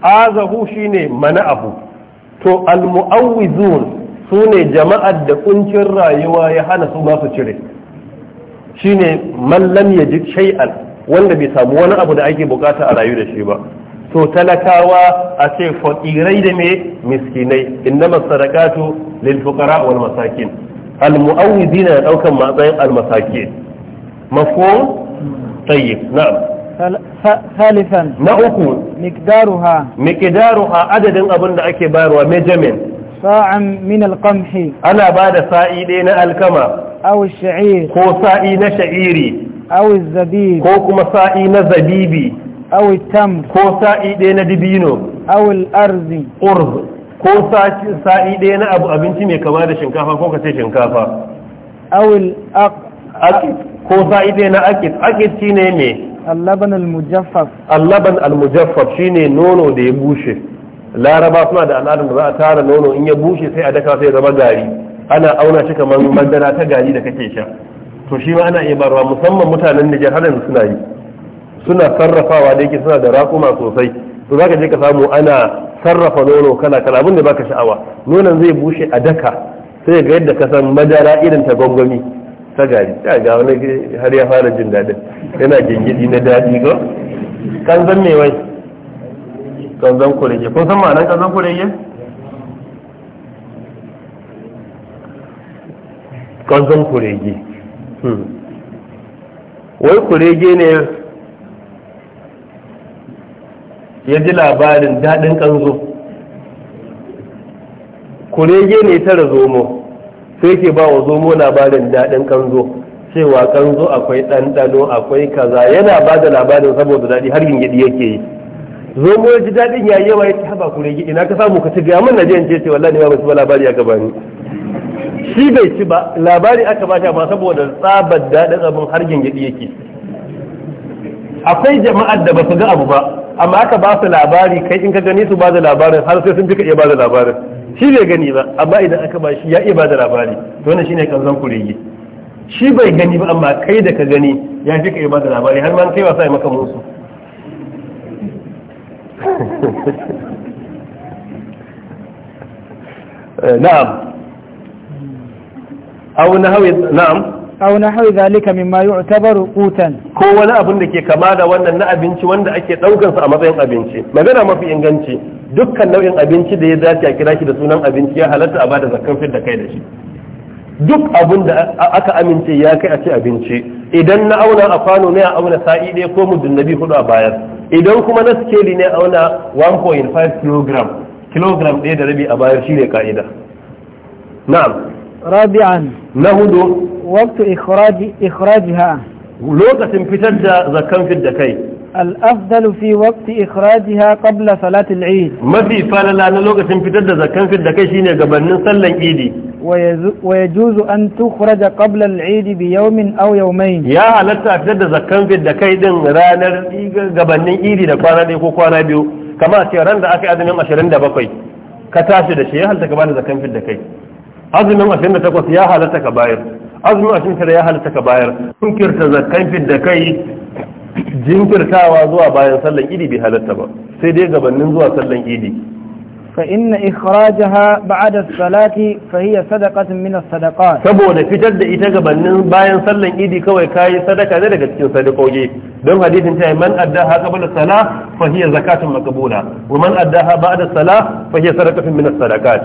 azahu shine mana abu to al mu'awwizun sune jama'ar da kuncin rayuwa ya hana su ba su cire shine mallam yaji yajid wanda bai samu wani abu da ake bukata a rayu da shi ba to talakawa a ce fakirai da me miskinai innama sadaqatu lil fuqara wal masakin al mu'awwidina daukan matsayin al masakin mafhum tayyib na'am ثالثا نأكو مقدارها مقدارها عدد أبن أكي باروا مجمن ana bada sa'i أنا بعد سائلين الكما أو ko sa'i na شعيري awi zabibi ko kuma sa'i na zabibi awi tam ko sa'i ɗaya na dibino awi arzi urz ko sa'i ɗaya na abu abinci mai kama da shinkafa ko kace shinkafa awi akid ko sa'i ɗaya na akid shi ne me allaban almujaffaf allaban almujaffaf ne nono da ya bushe laraba suna da al'adun da za a tara nono in ya bushe sai a daka sai ya zama gari ana auna shi kamar madara ta gari da kake sha to shi ma ana iya barwa musamman mutanen Nijar har yanzu suna yi suna sarrafawa da yake suna da raƙuma sosai to zaka je ka samu ana sarrafa nono kala kala abin da baka sha'awa nonon zai bushe a daka sai ga yadda ka san madara irin ta gwangwami ta gari ta ga wani har ya fara jin daɗin yana gingidi na daɗi ga kan zan me wai kan zan kurege kun san ma'anar kan zan kurege kan kurege wai kurege ne ya ji labarin daɗin ƙanzo kurege ne tara zomo sai ke ba wa zomo labarin daɗin ƙanzo cewa ƙanzo akwai ɗanɗano akwai kaza yana ba da labarin saboda daɗi har yin yake yi zomo ya ji daɗin yayi yawa ya ta ba kurege ina ka samu ka ci gaya mun na je in ce wallahi ne ba su ba labari a gabani shi bai ci ba labari aka ba shi amma saboda tsabar daɗin abin har gingiɗi yake akwai jama'ar da ba su ga abu ba amma aka ba su labari kai in ka gani su ba da labarin har sai sun fi ka iya ba da labarin shi bai gani ba amma idan aka ba shi ya iya ba da labari to wannan shine kanzon kurege shi bai gani ba amma kai da ka gani ya fi ka iya ba da labari har ma kai wasa ya maka musu eh, na'am aw nahwi na'am aw nahwi zalika mimma yu'tabaru qutan ko wani abin da ke kama da wannan na abinci wanda ake daukar sa a matsayin abinci magana mafi inganci dukkan nau'in abinci da ya dace a kira shi da sunan abinci ya halatta a bada zakkan fit da kai da shi duk abin da aka amince ya kai a ci abinci idan na auna a kwano ne a auna sa'i ɗaya ko mudun nabi hudu a bayar idan kuma na skeli ne auna 1.5 kg kilogram ɗaya da rabi a bayar shi ne ka'ida na'am رابعا نهدو وقت إخراج إخراجها لوكة فتد زكام في الدكي الأفضل في وقت إخراجها قبل صلاة العيد ما في فعلا لأن لوكة فتد زكام في الدكي شيني قبل صلى إيدي ويجوز أن تخرج قبل العيد بيوم أو يومين يا هلتا فتد زكام في الدكي دن رانر قبل إيدي دقوانا دي قوانا بيو كما سيران دا أكي أدنم أشرين دا بقي ka tashi da shi ya halta ka bani zakan fit da kai azumin da takwas ya halatta ka bayar azumin 29 ya halatta ka bayar jinkirta zakkan fid da kai jinkirtawa zuwa bayan sallan idi bai halatta ba sai dai gabanin zuwa sallan idi fa inna ikhrajaha ba'da salati fa hiya sadaqatun min as-sadaqat saboda fitar da ita gabanin bayan sallan idi kawai kai sadaka ne daga cikin sadakoki don hadisin ta man addaha qabla salah fa hiya zakatun maqbula wa man addaha ba'da salah fa hiya sadaqatun min as-sadaqat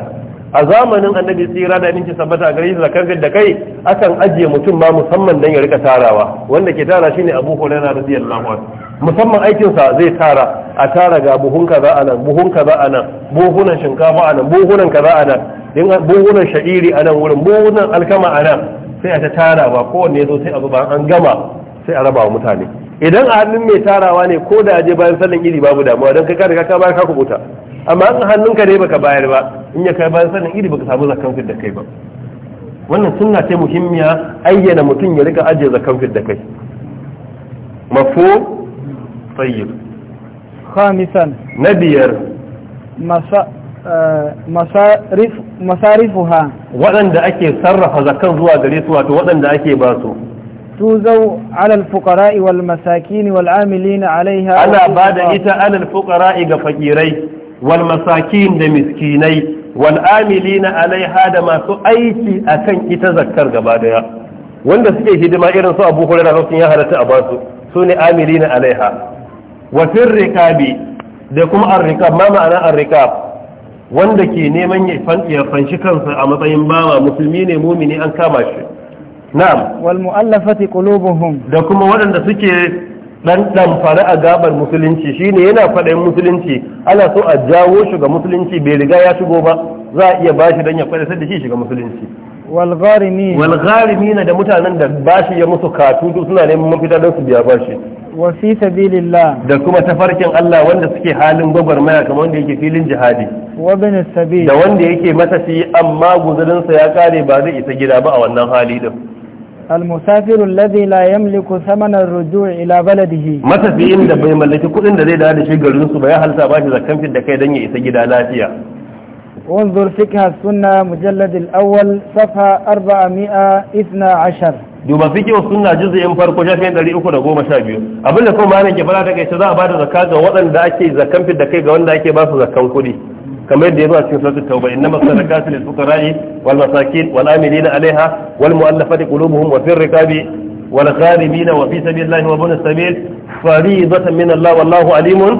a zamanin annabi tsira da aminci sabbata a gare shi zakar da kai akan ajiye mutum ma musamman dan ya rika tarawa wanda ke tara shine Abu Hurairah radiyallahu anhu musamman aikin sa zai tara a tara ga buhun kaza anan buhun kaza anan buhunan shinkafa anan buhunan kaza anan din buhunan sha'iri anan wurin buhunan alkama anan sai a ta tara ba. kowanne yazo sai abu ba an gama sai a raba wa mutane idan a hannun mai tarawa ne ko da aje bayan sallan idi babu damuwa don kai ka ka bayar ka kubuta amma in hannunka ne baka bayar ba in ya kai bayan sallan idi baka samu zakan da kai ba wannan sunna ce muhimmiya ayyana mutum ya rika ajiye zakan da kai mafu tayyib khamisan na biyar masa eh, masarif masarifuha waɗanda ake sarrafa zakan zuwa gare su wato waɗanda ake ba su tuzau alal fuqara'i wal masakin wal amilina alaiha ana bada ita alal fuqara'i ga fakirai wal da miskinai wal amilina alaiha da masu aiki akan ita zakkar gaba daya wanda suke hidima irin su Abu Hurairah sun ya halatta a basu sune amilina alaiha wa firriqabi da kuma arriqab ma ma'ana arriqab wanda ke neman ya fanci kansa a matsayin bawa musulmi ne mumini an kama shi na'am wal mu'allafati qulubuhum da kuma waɗanda suke dan dan fara a gabar musulunci shine yana fada musulunci ana so a jawo shi ga musulunci bai riga ya shigo ba za a iya bashi dan ya faɗa da shi shiga musulunci wal gharimin wal da mutanen da bashi ya musu katutu suna neman mafita don su biya bashi wa fi sabilillah da kuma tafarkin Allah wanda suke halin gwagwarmaya kamar wanda yake filin jihadi wa bin sabil da wanda yake matafi amma guzurinsa ya kare ba zai isa gida ba a wannan hali din المسافر الذي لا يملك ثمن الرجوع الى بلده matafiyin da bai mallaki kudin da zai dawo da shi garin su ba ya halta ba shi zakkan da kai dan ya isa gida lafiya انظر فقه السنة مجلد الأول صفحة 412 duba fiqh sunna juz'in farko shafin 312 abinda kuma malam ke fara daga ita za a bada zakka ga waɗanda ake zakkan da kai ga wanda ake ba su zakkan kuɗi kamar yadda ya zo a cikin suratul tauba inna masadaqatu lil fuqara'i wal masakin wal amilina 'alayha wal mu'allafati qulubuhum wa fir riqabi wal gharimina wa fi sabilillahi wa bunis sabil fariidatan min Allah wallahu alimun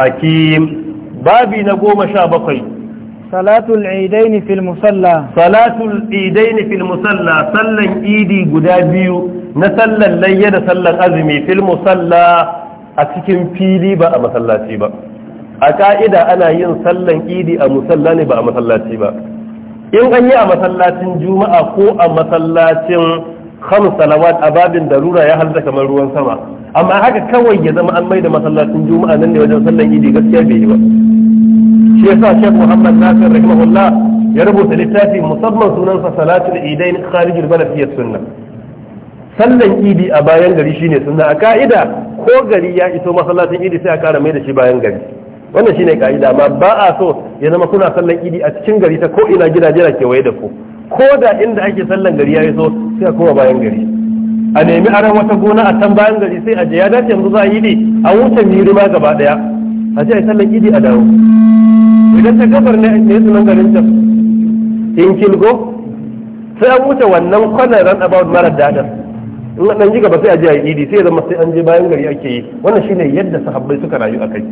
hakim babi na goma sha bakwai salatul idaini fil musalla salatul idaini fil musalla sallan idi guda biyu na sallan layya da sallan azumi fil musalla a cikin fili ba a masallaci ba a ka'ida ana yin sallan idi a musalla ne ba a masallaci ba in an yi a masallacin juma'a ko a masallacin khams salawat a babin darura ya halda kamar ruwan sama amma haka kawai ya zama an mai da masallacin juma'a nan ne wajen sallan idi gaskiya bai yi ba shi yasa Sheikh Muhammad Nasir rahimahullah ya rubuta littafi musamman sunansa salatul idain kharijul balad fi sunna sallan idi a bayan gari shine sunna a ka'ida ko gari ya iso masallacin idi sai a kara mai da shi bayan gari wannan shine ka'ida amma ba a so ya zama kuna sallan idi a cikin gari ta ko ina gidaje ke kewaye da ku ko da inda ake sallan gari ya so sai a koma bayan gari a nemi aran wata gona a can bayan gari sai a je ya dace yanzu za a yi ne a wuce miri ma gaba daya a je a sallan idi a dawo idan ta gabar ne ne sunan garin ta. in kilgo sai an wuce wannan kwanan ran about mara dadar in dan ji gaba sai a je a yi idi sai zama sai an je bayan gari ake yi wannan shine yadda sahabbai suka rayu a kai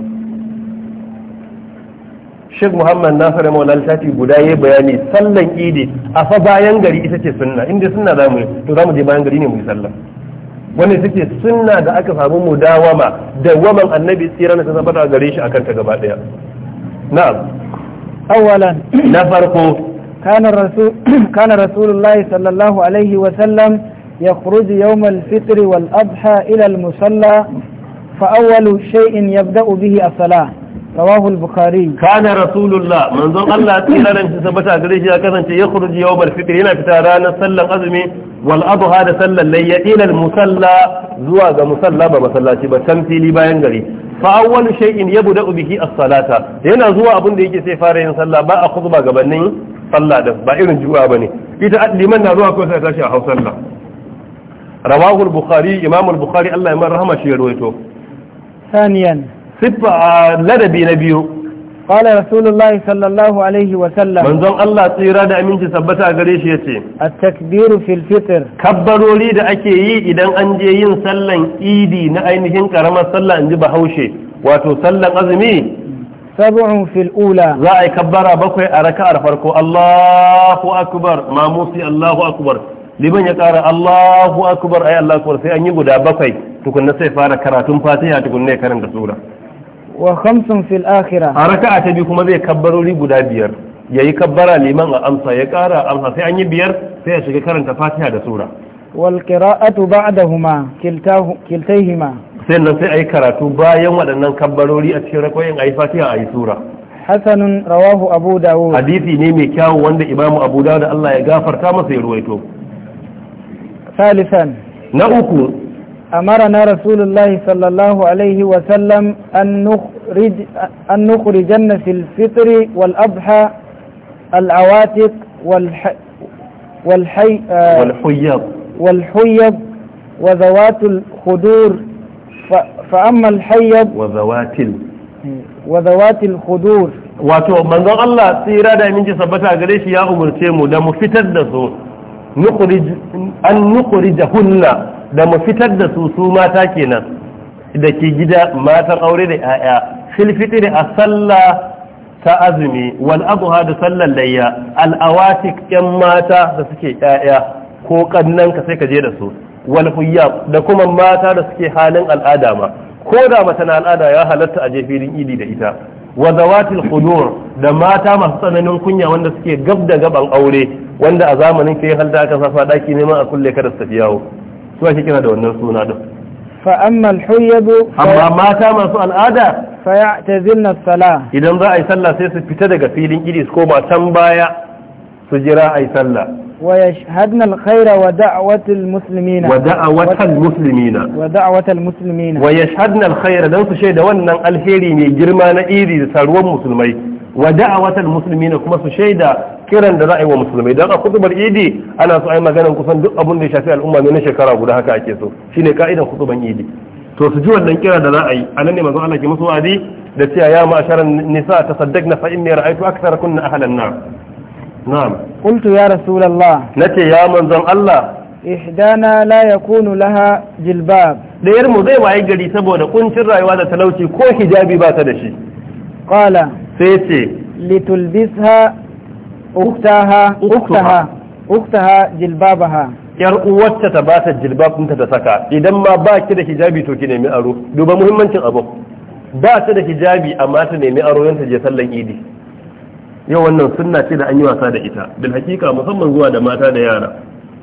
Sheikh Muhammad Nasir Maulal Shafi guda yayi bayani sallan Idi a fa bayan gari ita ce sunna inda sunna zamu yi to zamu je bayan gari ne mu yi sallah wanda take sunna da aka samu mu dawama da waman annabi tsira na ta gare shi akan ta gaba daya na'am awalan na farko kana rasul kana rasulullahi sallallahu alaihi wa sallam يخرج يوم الفطر والأضحى إلى المصلى فأول شيء يبدأ به الصلاة رواه البخاري كان رسول الله منظم الله تعالى ان تثبت gare shi ya kasance ya a yawmal fitr yana fita ranar sallan azumi wal adha da sallan layya ila al musalla zuwa ga musalla ba masallaci ba can bayan gari fa awwalu shay'in yabda bihi as salata yana zuwa abin da yake sai fara yin sallah ba a khutba gabanin sallah ba irin juwa bane ita liman na zuwa ko sai tashi a hausar rawahu al bukhari imam al bukhari ya ثانيا a ladabi na biyu qala rasulullahi sallallahu alaihi wa sallam manzon Allah tsira da aminci sabbata gare shi yace a takbiru fil fitr kabbarori da ake yi idan an je yin sallan idi na ainihin karamar sallah inji bahaushe wato sallan azumi sab'un fil za a yi kabbara bakwai a raka'ar farko Allahu akbar mamusi Allahu akbar liman ya kara Allahu akbar ayi Allahu akbar sai an yi guda bakwai tukunna sai fara karatun fatiha tukunna ya karanta sura wa khamsun fil akhirah a raka'a ta biyu kuma zai kabbarori guda biyar yayi kabbara liman a amsa ya kara amsa sai an yi biyar sai ya shiga karanta fatiha da sura wal qira'atu ba'dahuma kiltayhima sannan sai ayi karatu bayan waɗannan kabbarori a cikin rakoyin ayi fatiha ayi sura hasanun rawahu abu dawud hadisi ne mai kyawu wanda imamu abu dawud Allah ya gafarta masa ya ruwaito salisan na uku أمرنا رسول الله صلى الله عليه وسلم أن نخرج أن نخرجن في الفطر والأضحى العواتق والحي آه، والحيض والحيض وذوات الخدور فأما الحيض وذوات وذوات الخدور واتو من الله سيرا da aminci sabbata gare يا ya umurce mu da mu fitar da su nukhrij da mu fitar da su su mata kenan da ke gida matan aure da 'ya'ya fil fitri a sallah ta azumi wal adha da sallar layya al awatik yan mata da suke 'ya'ya ko kannan ka sai ka je da su wal huyyab da kuma mata da suke halin al'ada ma ko da mata na al'ada ya halatta a je filin idi da ita wa zawatil qudur da mata masu tsananin kunya wanda suke gab da gaban aure wanda a zamanin ke halda aka safa daki neman a kulle kada su tafi yawo su shi kira da wannan suna din fa amma al-huyyab amma mata masu al'ada fa ya'tazilna as-salah idan za a yi sallah sai su fita daga filin idi ko ba can baya su jira a yi sallah wa yashhadna al-khaira wa da'wat al-muslimina wa da'wat al-muslimina wa da'wat al-muslimina wa yashhadna al-khaira dan su shaida wannan alheri mai girma na idi da taruwan musulmai wa da'awat al-muslimina kuma su shaida kiran da za a yi wa musulmai don a kutubar idi ana so a yi maganar kusan duk abin da ya shafi al'umma ne na shekara guda haka ake so shine ka'idan kutuban idi to su ji wannan kiran da za a yi anan ne manzo Allah ke musu wa'adi da cewa ya ma'asharan nisa ta tasaddaqna fa inni ra'aytu akthara kunna ahlan nar na'am qultu ya rasulullah nace ya manzon Allah ihdana la yakunu laha jilbab dayar mu zai waye gari saboda kuncin rayuwa da talauci ko hijabi ba ta da shi qala sai ce litulbisha uktaha uktaha uktaha jilbabaha yar uwarta ta ba ta jilbab ɗinta ta saka idan ma ba ki da hijabi to ki nemi aro duba muhimmancin abu ba ta da hijabi amma ta nemi aro don ta je sallan idi yau wannan sunna ce da an yi wasa da ita bil hakika musamman zuwa da mata da yara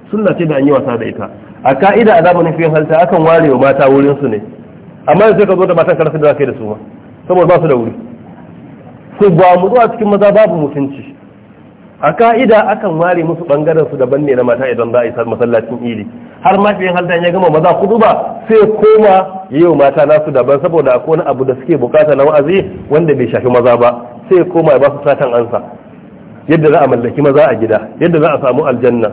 sunna ce da an yi wasa da ita a ka'ida a zamanin fiye halta akan ware wa mata wurin su ne amma yanzu ka zo da matan karfi da kai da su ma saboda ba su da wuri ko ba mu zuwa cikin maza babu mutunci a ka'ida akan mare musu bangaren su daban ne na mata idan za a yi masallacin idi har ma fiye halta ya gama maza kudu ba sai koma yi wa mata nasu daban saboda akwai wani abu da suke bukata na wa'azi wanda bai shafi maza ba sai koma ba su satan ansa yadda za a mallaki maza a gida yadda za a samu aljanna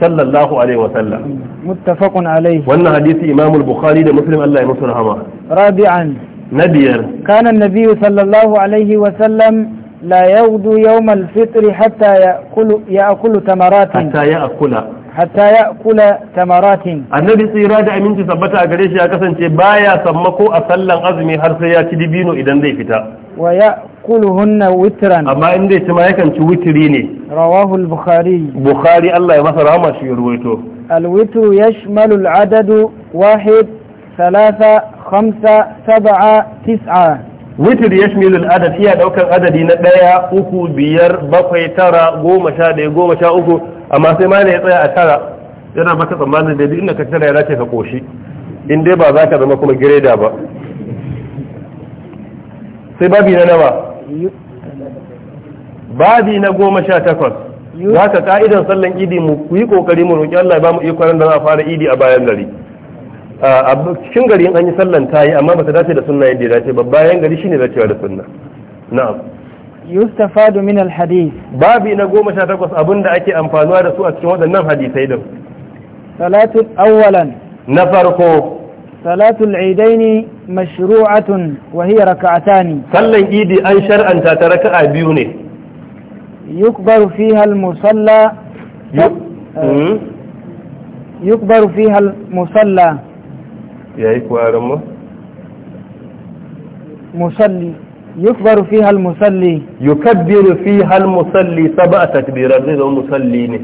sallallahu alaihi wa sallam muttafaqun alaihi wannan hadisi imamul bukhari da muslim Allah ya musu rahama rabi'an na biyar an-nabiyyu sallallahu alaihi wa sallam لا يغدو يوم الفطر حتى يأكل يأكل تمرات حتى يأكل hatta ya kula tamaratin annabi tsira da aminci sabbata a gare shi ya kasance baya samma ko a sallan azumi har sai ya ci dibino idan zai fita wa ya kuluhunna witran amma in zai ci ma yakan ci witri ne rawahu al-bukhari bukhari Allah ya masa rahama shi ya ruwaito al-witru yashmalu al-adadu wahid ثلاثة خمسة سبعة تسعة witir yashmilu al-adad iya daukan adadi na ɗaya uku biyar bakwai tara goma sha ɗaya goma sha uku amma sai ma ya tsaya a tara yana maka tsammanin da inda ka tara ya dace ka koshi in dai ba za ka zama kuma gireda ba sai babi na nawa babi na goma sha takwas za ka ka'idan sallan idi mu yi kokari mu roƙi Allah ba mu iya kwanan da za a fara idi a bayan gari a cikin gari an yi sallan ta yi amma ba ta dace da sunna yadda ya dace ba bayan gari shine dacewa da sunna na'am yustafadu min alhadith babi na goma sha takwas abinda ake amfanuwa da su a cikin waɗannan hadisai din salatu awwalan na farko salatu al-eidain mashru'atun wa hiya rak'atani sallan idi an shar'anta ta raka'a biyu ne yukbaru fiha al-musalla eh, hmm? yukbaru fiha musalla yayi kuwaran mu musalli yukbaru fiha al-musalli yukabbiru fiha al-musalli sab'a takbirat ne da musalli ne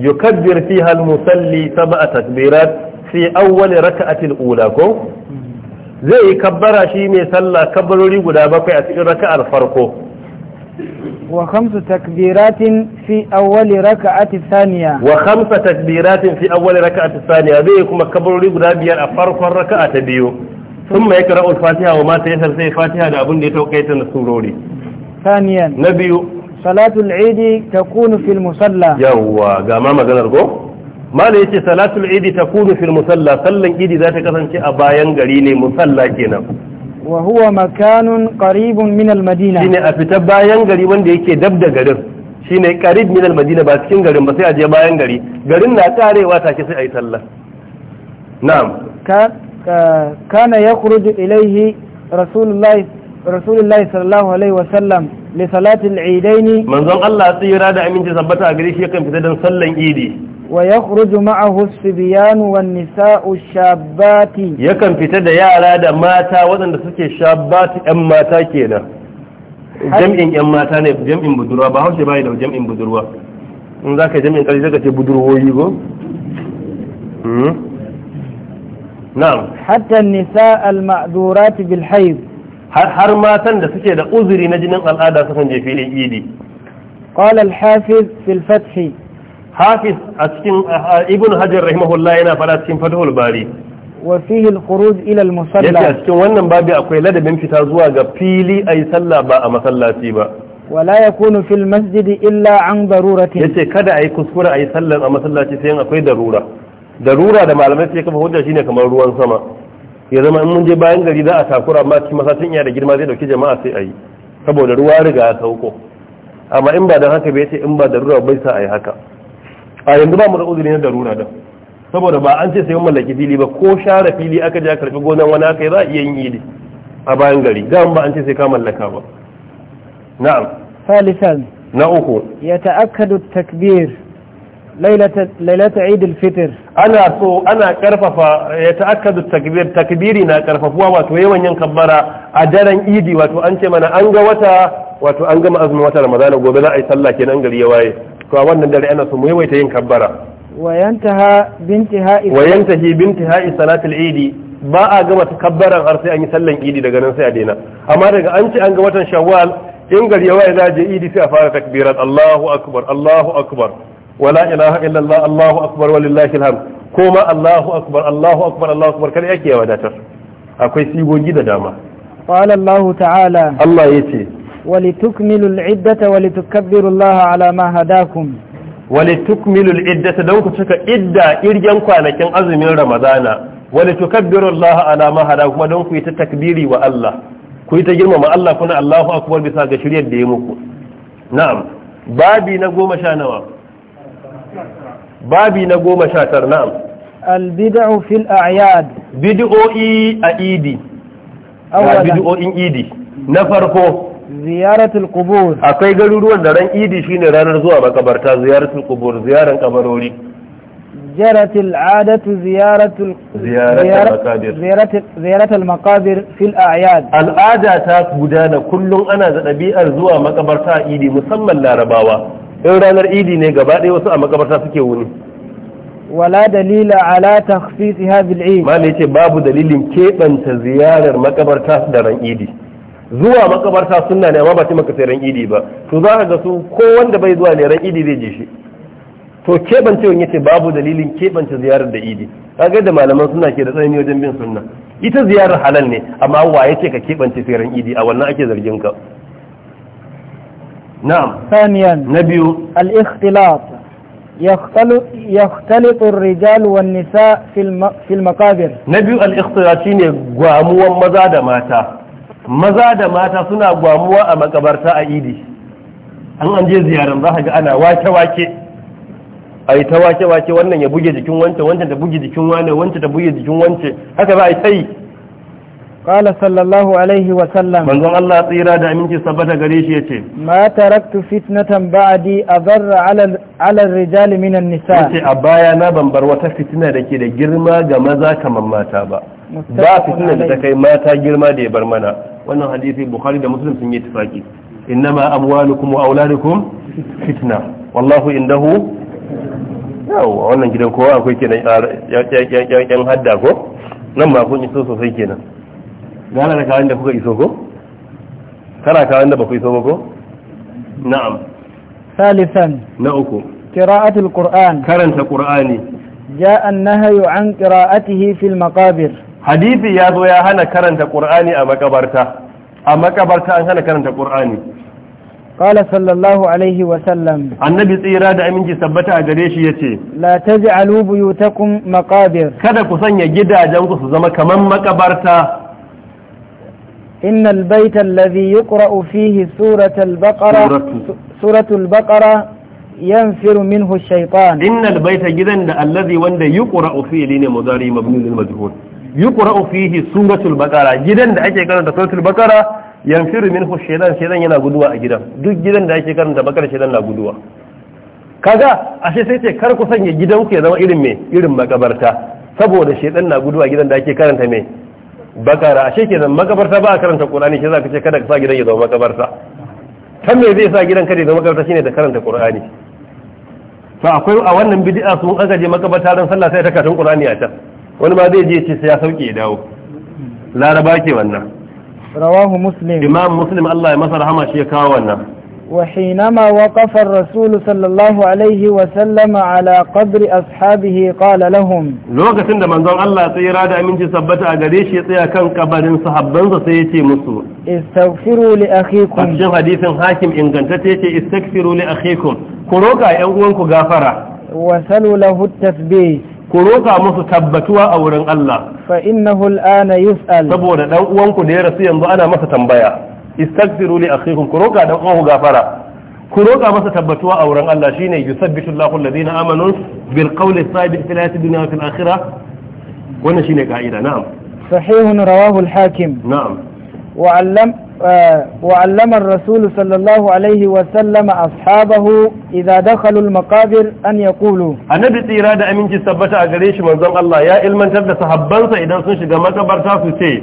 yukabbir fiha al-musalli sab'a takbirat fi awwal rak'ati al-ula ko zai yi kabbara shi mai sallah kabbarori guda bakwai a cikin raka'ar farko وخمس تكبيرات في أول ركعة الثانية وخمس تكبيرات في أول ركعة الثانية بيكم كبر لي قدابيا أفرق الركعة بيو ثم يقرأ الفاتحة وما تيسر سي فاتحة لأبن دي توقيت السوروري ثانيا نبيو صلاة العيد تكون في المصلى يوا قاما ما قنرقو ما ليس صلاة العيد تكون في المصلى صلى العيد ذات كثن شيء أبايا قليل مصلى كنا wa huwa makanun qaribun min al-madina shine a fita bayan gari wanda yake dab da garin shine qarib min al-madina ba cikin garin ba sai a je bayan gari garin na tarewa take sai ayi sallah na'am ka kana yakhruju ilayhi rasulullahi rasulullahi sallallahu alaihi wa sallam li salati al eidaini manzon Allah tsira da aminci sabbata a gari shi kan fita dan sallan idi ويخرج معه الصبيان والنساء الشابات يكن fitar da yara da mata waɗanda suke shabbat ɗan mata kenan jam'in ɗan mata ne jam'in budurwa ba haushe bai da jam'in budurwa in za ka jam'in ƙarshe zaka ce budurwoyi go hmm? na'am hatta nisa al-ma'durat bil hayd har matan da suke da uzuri na jinin al'ada sukan je filin idi qala al-hafiz fil fath hafiz a cikin ibn hajar rahimahullah yana fara cikin fathul bari wa fihi al-khuruj ila al a cikin wannan babi akwai ladabin fita zuwa ga fili ayi sallah ba a masallaci ba wala yakunu fil masjidi illa an darurati yace kada ayi kuskura ayi sallar a masallaci sai akwai darura darura da malamai sai kafa hujja shine kamar ruwan sama ya zama in mun je bayan gari za a takura amma cikin masallacin iya da girma zai dauki jama'a sai ayi saboda ruwa riga ya sauko amma in ba dan haka bai ce in ba darura bai sa ayi haka a yanzu ba mu da uzuri na darura da saboda ba an ce sai mallaki fili ba ko share fili aka je karfi gonan wani aka yi za a iya yin idi a bayan gari ga ba an ce sai ka mallaka ba na'am salisan na uku ta'akkadu takbir lailata idil fitr ana so ana karfafa ya ta'akkadu takbir takbiri na karfafuwa wato yawan yin kabbara a daren idi wato an ce mana an ga wata wato an gama azumin wata ramadana gobe za a yi sallah kenan gari ya waye to a wannan dare ana so mu yawaita yin kabbara wa yantaha binti ha'i salatul idi ba a gama kabbaran har sai an yi sallan idi daga nan sai a daina amma daga an ce an ga watan shawwal in gari yawa ya je idi sai a fara takbirat Allahu akbar Allahu akbar wala ilaha illallah Allahu akbar walillahi alhamd kuma Allahu akbar Allahu akbar Allahu akbar kada yake wadatar akwai sigogi da dama qala Allah ta'ala Allah yace ولتكمل العدة ولتكبر الله على ما هداكم ولتكمل العدة دونك تشك إدى إرجان كوانكين أزمين رمضان ولتكبر الله على ما هداكم دونك يتتكبيري والله كويتا جرم ما الله كنا الله أكبر بساق شريا ديموكو نعم بابي نقو مشانوا بابي نقو مشاتر نعم البدع في الأعياد بدعو إي أيدي أولا بدعو إي idi نفرقو ziyaratul qubur akwai garuruwan da ran idi shine ranar zuwa makabarta ziyaratul qubur ziyaran kabarori Jaratul adatu ziyaratul ziyaratul ziyaratul makabir fil a'yad al'ada ta gudana kullum ana da ɗabi'ar zuwa makabarta idi musamman larabawa in ranar idi ne gaba ɗaya wasu a makabarta suke wuni wala dalila ala takhsis hadhihi al ma ne ce babu dalilin keɓanta ziyarar makabarta da ran idi zuwa makabarta sunna ne amma ba ce maka sai ran idi ba to za ka ga su ko wanda bai zuwa ne ran idi zai je shi to wani yace babu dalilin kebance ziyarar da idi kaga da malaman suna ke da tsanani wajen bin sunna ita ziyarar halal ne amma wa yace ka kebance sai ran idi a wannan ake zargin ka نعم na biyu al يختلط, يختلط الرجال والنساء في, في المقابر نبي الاختلاط شيني غامو ومزا da mata maza da mata suna gwamuwa a makabarta a idi an an je ziyaran za ga ana wake-wake a yi ta wake-wake wannan ya buge jikin wancan wancan ta buge jikin wane wancan ta buge jikin wance haka za a yi ta yi sallallahu alaihi wa sallam. وسلم من قال الله تيرا دا منتي ثبت غري شي yace ما fitnatan ba'adi a zarra على rijali minan Nisa. ya ce a baya na ban wata fitina da ke da girma ga maza kamar mata ba ba fitina da ta kai mata girma da ya bar mana wannan hadisi bukhari da muslim sun yi tafaki ma amwalukum wa auladukum fitna wallahu indahu yawa wannan gidan kowa akwai kenan yan hadda ko nan ma kun iso sosai kenan gara da kayan da kuka iso ko kana kayan da ba ku iso ba ko na'am salisan na uku qira'atul qur'an karanta qur'ani جاء النهي عن قراءته في المقابر hadisi ya zo ya hana karanta qur'ani a makabarta a makabarta an hana karanta qur'ani qala sallallahu alaihi wa sallam annabi tsira da aminci sabbata a gare shi yace la taj'alu buyutakum maqabir kada ku sanya gidajenku su zama kaman makabarta إن البيت الذي يقرأ فيه سورة البقرة سورة, سورة البقرة ينفر منه الشيطان إن البيت جدا الذي وند يقرأ فيه لين مضاري مبني للمجهول yuqra'u fihi suratul baqara gidan da ake karanta suratul baqara yanfiru minhu shaytan shaytan yana guduwa a gidan duk gidan da ake karanta bakar shaytan na guduwa kaga ashe sai ce kar ku sanya gidan ku ya zama irin me irin makabarta saboda shaytan na guduwa gidan da ake karanta me bakara ashe kenan makabarta ba a karanta qur'ani shi zaka ce kada ka sa gidan ya zama makabarta kan me zai sa gidan kada ya zama makabarta shine da karanta qur'ani to akwai a wannan bid'a sun aka je makabarta ran sallah sai ta katun qur'ani a can wani ma zai je ce sai ya sauke ya dawo laraba ke wannan rawahu muslim imam muslim Allah ya masa rahama shi ya kawo wannan wa hinama waqafa ar-rasul sallallahu alaihi wa sallama ala qabri ashabihi qala lahum lokacin da manzon Allah sai ya rada aminci sabbata a gare shi ya tsaya kan kabarin sahabbansa sai ya ce musu istaghfiru li akhikum a hadisin hakim ingantacce yace istaghfiru li akhikum ku roka yan uwanku gafara wa salu lahu at-tasbih ku roƙa musu tabbatuwa a wurin Allah fa innahu al'ana yus'al saboda dan uwanku da ya rasu yanzu ana masa tambaya istaghfiru li akhikum ku roƙa dan uwanku gafara ku roƙa masa tabbatuwa a wurin Allah shine yusabbitu Allahu alladhina amanu bil qawli sabit fil hayati dunya wa fil akhirah wannan shine ka'ida na'am sahihun rawahu al hakim na'am wa allam وعلم الرسول صلى الله عليه وسلم أصحابه إذا دخلوا المقابر أن يقولوا النبي تيرا دا أمين تثبت أغريش منظم الله يا إلمن تبدا صحبان سيدا سنشق مكبرتا سي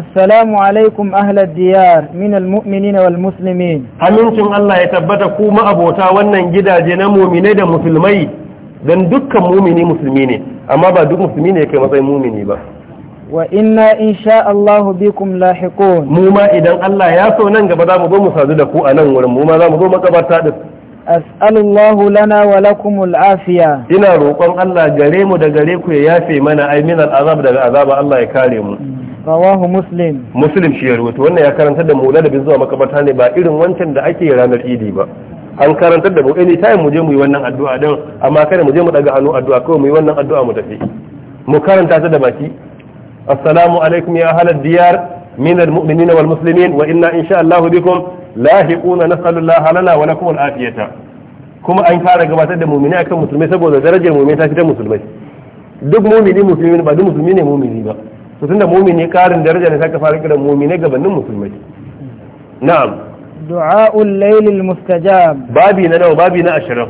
السلام عليكم أهل الديار من المؤمنين والمسلمين أمين الله يتبت كوما أبوتا ونن جدا جنا مؤمنين دا مسلمين dan dukkan mumini musulmi ne amma ba duk musulmi ne kai matsayin mumini ba wa inna insha Allah bikum lahiqun mu ma idan Allah ya so nan gaba za mu zo mu sadu da ku a nan wurin mu ma za mu zo makabarta din as'alullahu lana wa lakumul afiya ina roƙon Allah gare mu da gare ku ya yafe mana ai min azab daga azaba Allah ya kare mu rawahu muslim muslim shi ya rubuta wannan ya karantar da mu ladabin zuwa makabarta ne ba irin wancan da ake ranar idi ba an karantar da mu any time mu je mu yi wannan addu'a din amma kada mu je mu daga hannu addu'a kawai mu yi wannan addu'a mu tafi mu karanta ta da baki assalamu alaikum ya ahlal diyar من المؤمنين والمسلمين وإنا إن شاء الله بكم لاحقون نسأل الله لنا ولكم العافية kuma an fara gabatar da mumini akan musulmai saboda darajar mumini ta fitar musulmai duk mumini musulmi ba duk musulmi ne mumini ba to tunda mumini karin daraja ne saka fara kiran mumini gabanin musulmai na'am du'aul laylil mustajab babi na nawa babi na ashirin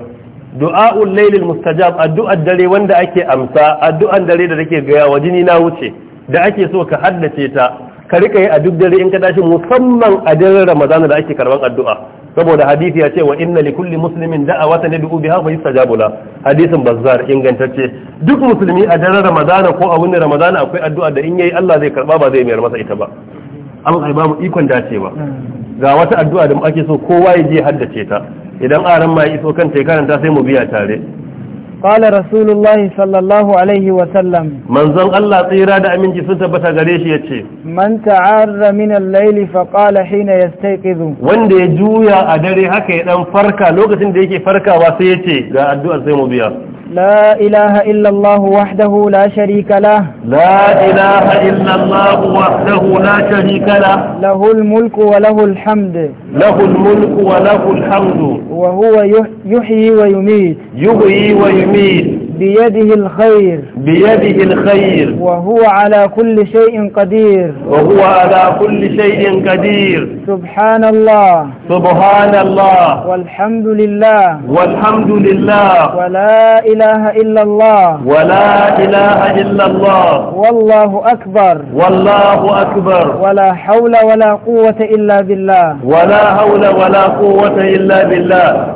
du'aul laylil mustajab addu'ar dare wanda ake amsa addu'ar dare da take gaya wa jini na wuce da ake so ka haddace ta ka rika yi a duk dare in ka tashi musamman a daren ramadana da ake karban addu'a saboda hadisi ya ce wa inna li kulli muslimin da'awatan yad'u biha fa yastajabu la hadisin bazzar ingantacce duk musulmi a daren ramadana ko a wani ramadana akwai addu'a da in yayi Allah zai karba ba zai mayar masa ita ba an ya ba mu ikon dacewa ga wata addu'a da mu ake so kowa ya je haddace ta idan aran ma ya iso kan ta karanta sai mu biya tare قال رسول الله صلى الله عليه وسلم من زن الله طيرا دا امين جي سنتا بتا غاري شي يتي من تعار من الليل فقال حين يستيقظ وند يجويا ادري هكا يدان فركا لوكاتين دا يكي فركاوا سي يتي غا ادعاء سي مو بيا لا إله إلا الله وحده لا شريك له لا إله إلا الله وحده لا شريك له له الملك وله الحمد له الملك وله الحمد وهو يحيي ويميت يحيي ويميت بيده الخير بيده الخير وهو على كل شيء قدير وهو على كل شيء قدير سبحان الله سبحان الله والحمد لله والحمد لله ولا إله إلا الله ولا إله إلا الله والله أكبر والله أكبر ولا حول ولا قوة إلا بالله ولا حول ولا قوة إلا بالله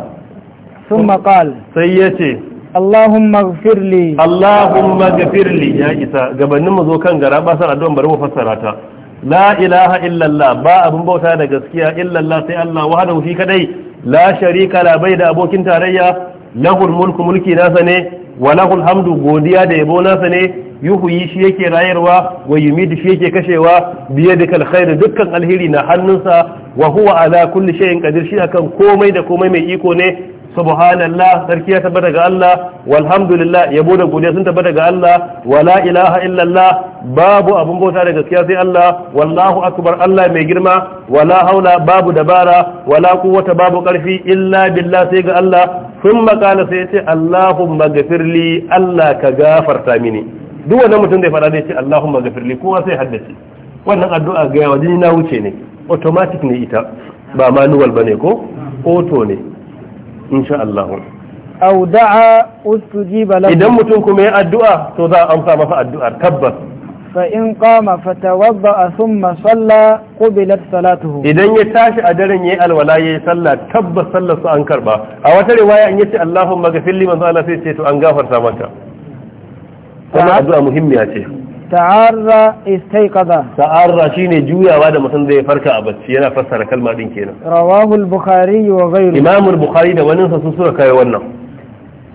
ثم قال سيتي Allahumma ighfir li Allahumma ighfir li ya isa gabanin mu zo kan gara ba san ta la ilaha illallah ba abun bauta da gaskiya illallah sai Allah wahdahu shi kaɗai la sharika la da abokin tarayya lahul mulku mulki nasa ne wa lahul hamdu godiya da yabo nasa ne yuhuyi shi yake rayarwa wa yumidu shi yake kashewa biye da kalkhair dukkan alheri na hannunsa wa huwa ala kulli shay'in qadir shi akan komai da komai mai iko ne subhanallah sarki ya tabbata ga Allah walhamdulillah ya bude godiya sun tabbata ga Allah wala ilaha illallah babu abun bauta da gaskiya sai Allah wallahu akbar Allah mai girma wala haula babu dabara wala quwwata babu karfi illa billah sai ga Allah sun qala sai yace allahumma ghafirli Allah ka gafarta mini duk wannan mutum da ya fada sai allahumma ghafirli kowa sai haddace wannan addu'a ga yawa jini na wuce ne automatic ne ita ba manual bane ko auto ne insha Allah aw da'a ustujiba lahu idan mutum kuma ya addu'a to za a amsa masa addu'ar tabbas fa in qama fatawadda thumma salla qubilat salatuhu idan ya tashi a daren yayi alwala yayi sallah tabbas sallar su an karba a wata riwaya an yace Allahumma ghafir li man zala sai ce to an gafarta maka kuma addu'a muhimmiya ce ta'arra istaiqaza ta'arra shine juyawa da mutum zai farka a bacci yana fassara kalma din kenan rawahu al-bukhari wa ghayruhu imam al-bukhari da wani sun su suka kai wannan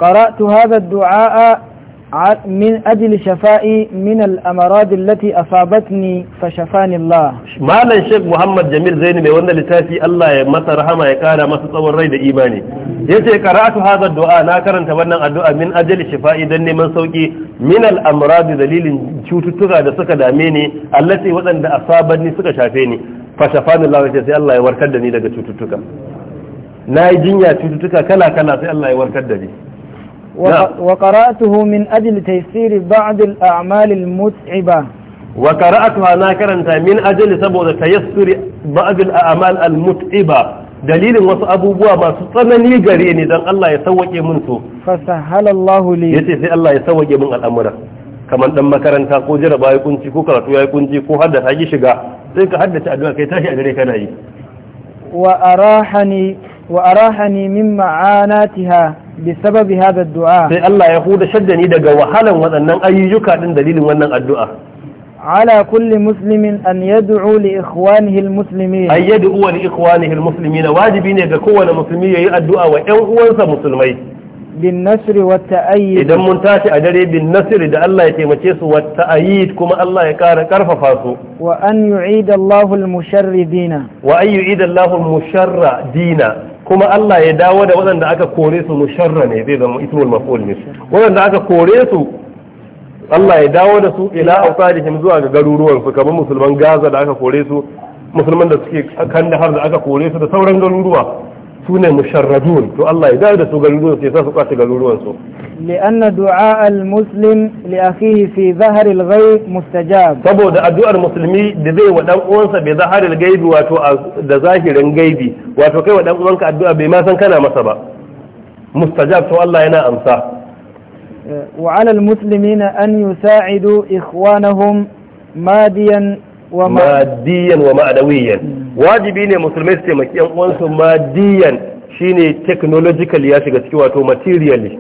qara'tu hadha ad-du'a من أجل شفائي من الأمراض التي أصابتني فشفاني الله مالا الشيخ محمد جميل زين من وانا لتاتي الله يمسى رحمه يكارا ما تصور ريد إيماني يتي قرأت هذا الدعاء ناكرا تبنى الدعاء من أجل شفائي دني من سوكي من الأمراض دليل شوتتغى دا سكا داميني التي وانا أصابتني سكا شافيني فشفاني الله يتي الله يوركدني لك دا شوتتغى ناي جنيا شوتتغى كلا كلا سي الله يوركدني وقرأته من أجل تيسير بعض الأعمال المتعبة وقرأتها ناكرا من أجل سبب تيسير بعض الأعمال المتعبة dalilin wasu abubuwa masu tsanani gare ni don Allah ya sauwake mun to fasahalallahu li yace sai Allah ya sauwake mun al'amura kamar dan makaranta ko jaraba ya kunci ko karatu ya kunci ko haddasa ki shiga sai ka haddace addu'a kai tashi a dare kana yi min ma'anatiha بسبب هذا الدعاء سي الله يقول شدني دغ وهلن waɗannan ayyuka din dalilin wannan addu'a على كل مسلم أن يدعو لإخوانه المسلمين أن يدعو لإخوانه المسلمين واجبين يقول مسلمي يدعو وإن أنسى مسلمي بالنصر والتأييد إذا منتاش أدري بالنصر إذا الله يتمشيس والتأييد كما الله يكار كرف فاسو وأن يعيد الله المشردين وأن يعيد الله المشردين kuma Allah ya dawo da waɗanda aka kore su musharra ne zai zama ismul maf'ul ne waɗanda aka kore su Allah ya dawo da su ila awsalihim zuwa ga garuruwan su kamar musulman Gaza da aka kore su musulman da suke har da aka kore su da sauran garuruwa su ne musharradun to Allah ya dawo da su garuruwan su ya sa su kwace garuruwan su li'anna du'a al-muslim li akhihi fi zahar al-ghaib mustajab saboda addu'ar muslimi da zai wa dan uwansa bai zahar al-ghaib wato da zahirin gaibi wato kai wa dan uwanka addu'a bai ma san kana masa ba mustajab to Allah yana amsa eh, al-muslimina an yusa'idu ikhwanahum madiyan madiyan wa ma'adawiyan wajibi ne musulmai su taimaki yan uwansu madiyan shine technological ya shiga ciki wato materially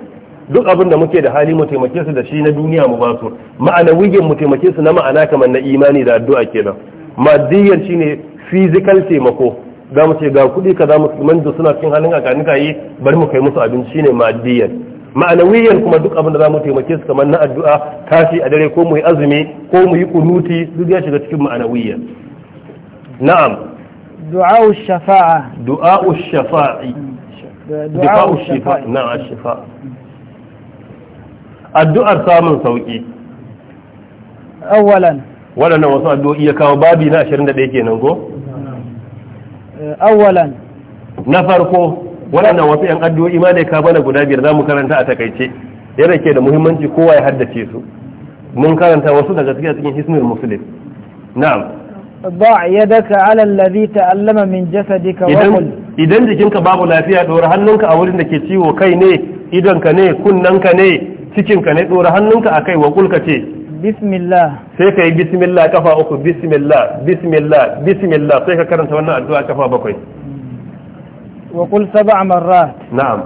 duk abin da muke da hali mu taimake su da shi na duniya mu ba su ma'anawiyan mu taimake su na ma'ana kamar na imani da addu'a kenan madiyan shine physical taimako za mu ce ga kuɗi ka musulman da suna cikin halin a kanika yi bari mu kai musu abinci ne madiyan ma'anawiyan kuma duk abin da za mu taimake su kamar na addu'a tashi a dare ko mu yi azumi ko mu yi kunuti duk ya shiga cikin ma'anawiyan na'am du'a'u shafa'a du'a shafa'i du'a'u shafa'i na'am shafa'a addu'ar samun sauki awwalan waɗannan wasu addu'o'i ya kawo babi na 21 kenan ko awwalan na farko waɗannan wasu yan addu'o'i ma da ka bana guda biyar za mu karanta a takaice yana ke da muhimmanci kowa ya haddace su mun karanta wasu daga cikin cikin hisnul muslim na'am ضع يدك على ta'allama min من جسدك وقل idan jikinka babu lafiya dora hannunka a wurin da ke ciwo kai ne ka ne kunnanka ne cikinka ne dora hannunka a kai wa kulka ce bismillah sai kai bismillah kafa uku bismillah bismillah bismillah sai ka karanta wannan addu'a kafa bakwai وقل سبع مرات نعم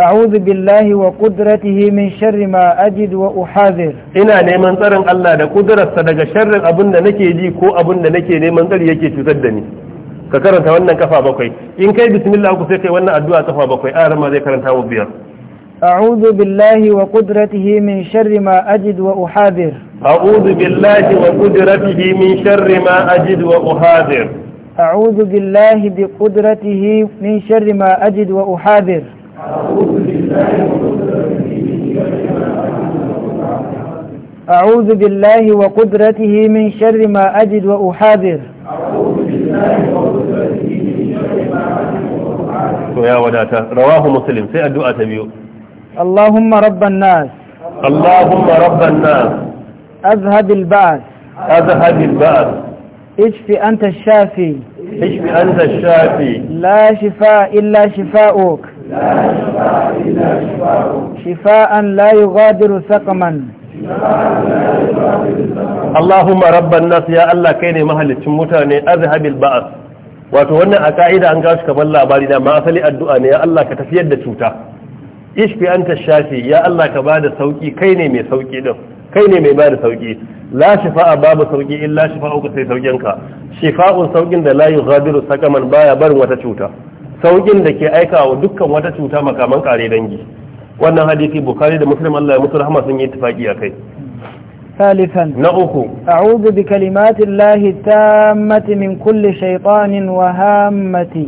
أعوذ بالله وقدرته من شر ما أجد وأحاذر إنا نيمان ترن الله دا قدرة صدق شر أبن نكي جي كو أبن نكي نيمان تر يكي تسدني ككرن تولنا كفا بقي إن كي بسم الله كسيك وانا أدواء كفا بقي آرما ذي كرن تاو بيار أعوذ بالله وقدرته من شر ما أجد وأحاذر أعوذ بالله وقدرته من شر ما أجد وأحاذر أعوذ بالله بقدرته من شر ما أجد وأحاذر أعوذ بالله وقدرته من شر ما أجد وأحاذر يا وداتا رواه مسلم في الدعاء تبيو اللهم رب الناس اللهم رب الناس أذهب البعث أذهب البعث اشف أنت الشافي اشف أنت الشافي لا شفاء إلا شفاؤك لا شفاء إلا شفاؤك شفاء لا يغادر سقما اللهم رب الناس يا الله كيني مهل تموتاني أذهب البأس wato wannan a ka'ida an gashi kamar labari na ma asali addu'a ne ya Allah ka tafiyar da cuta ishfi anta shafi ya Allah ka bada sauki kai ne mai sauki din kai ne mai bada sauki la shifa'a babu sauki illa shifa'uka sai saukin ka shifa'un saukin da la yughadiru sakaman baya barin wata cuta saukin da ke aika wa dukkan wata cuta makaman kare dangi wannan hadisi bukhari da muslim Allah ya musu rahama sun yi ittifaki akai ثالثا نأخو أعوذ بكلمات الله التامة من كل شيطان وهامة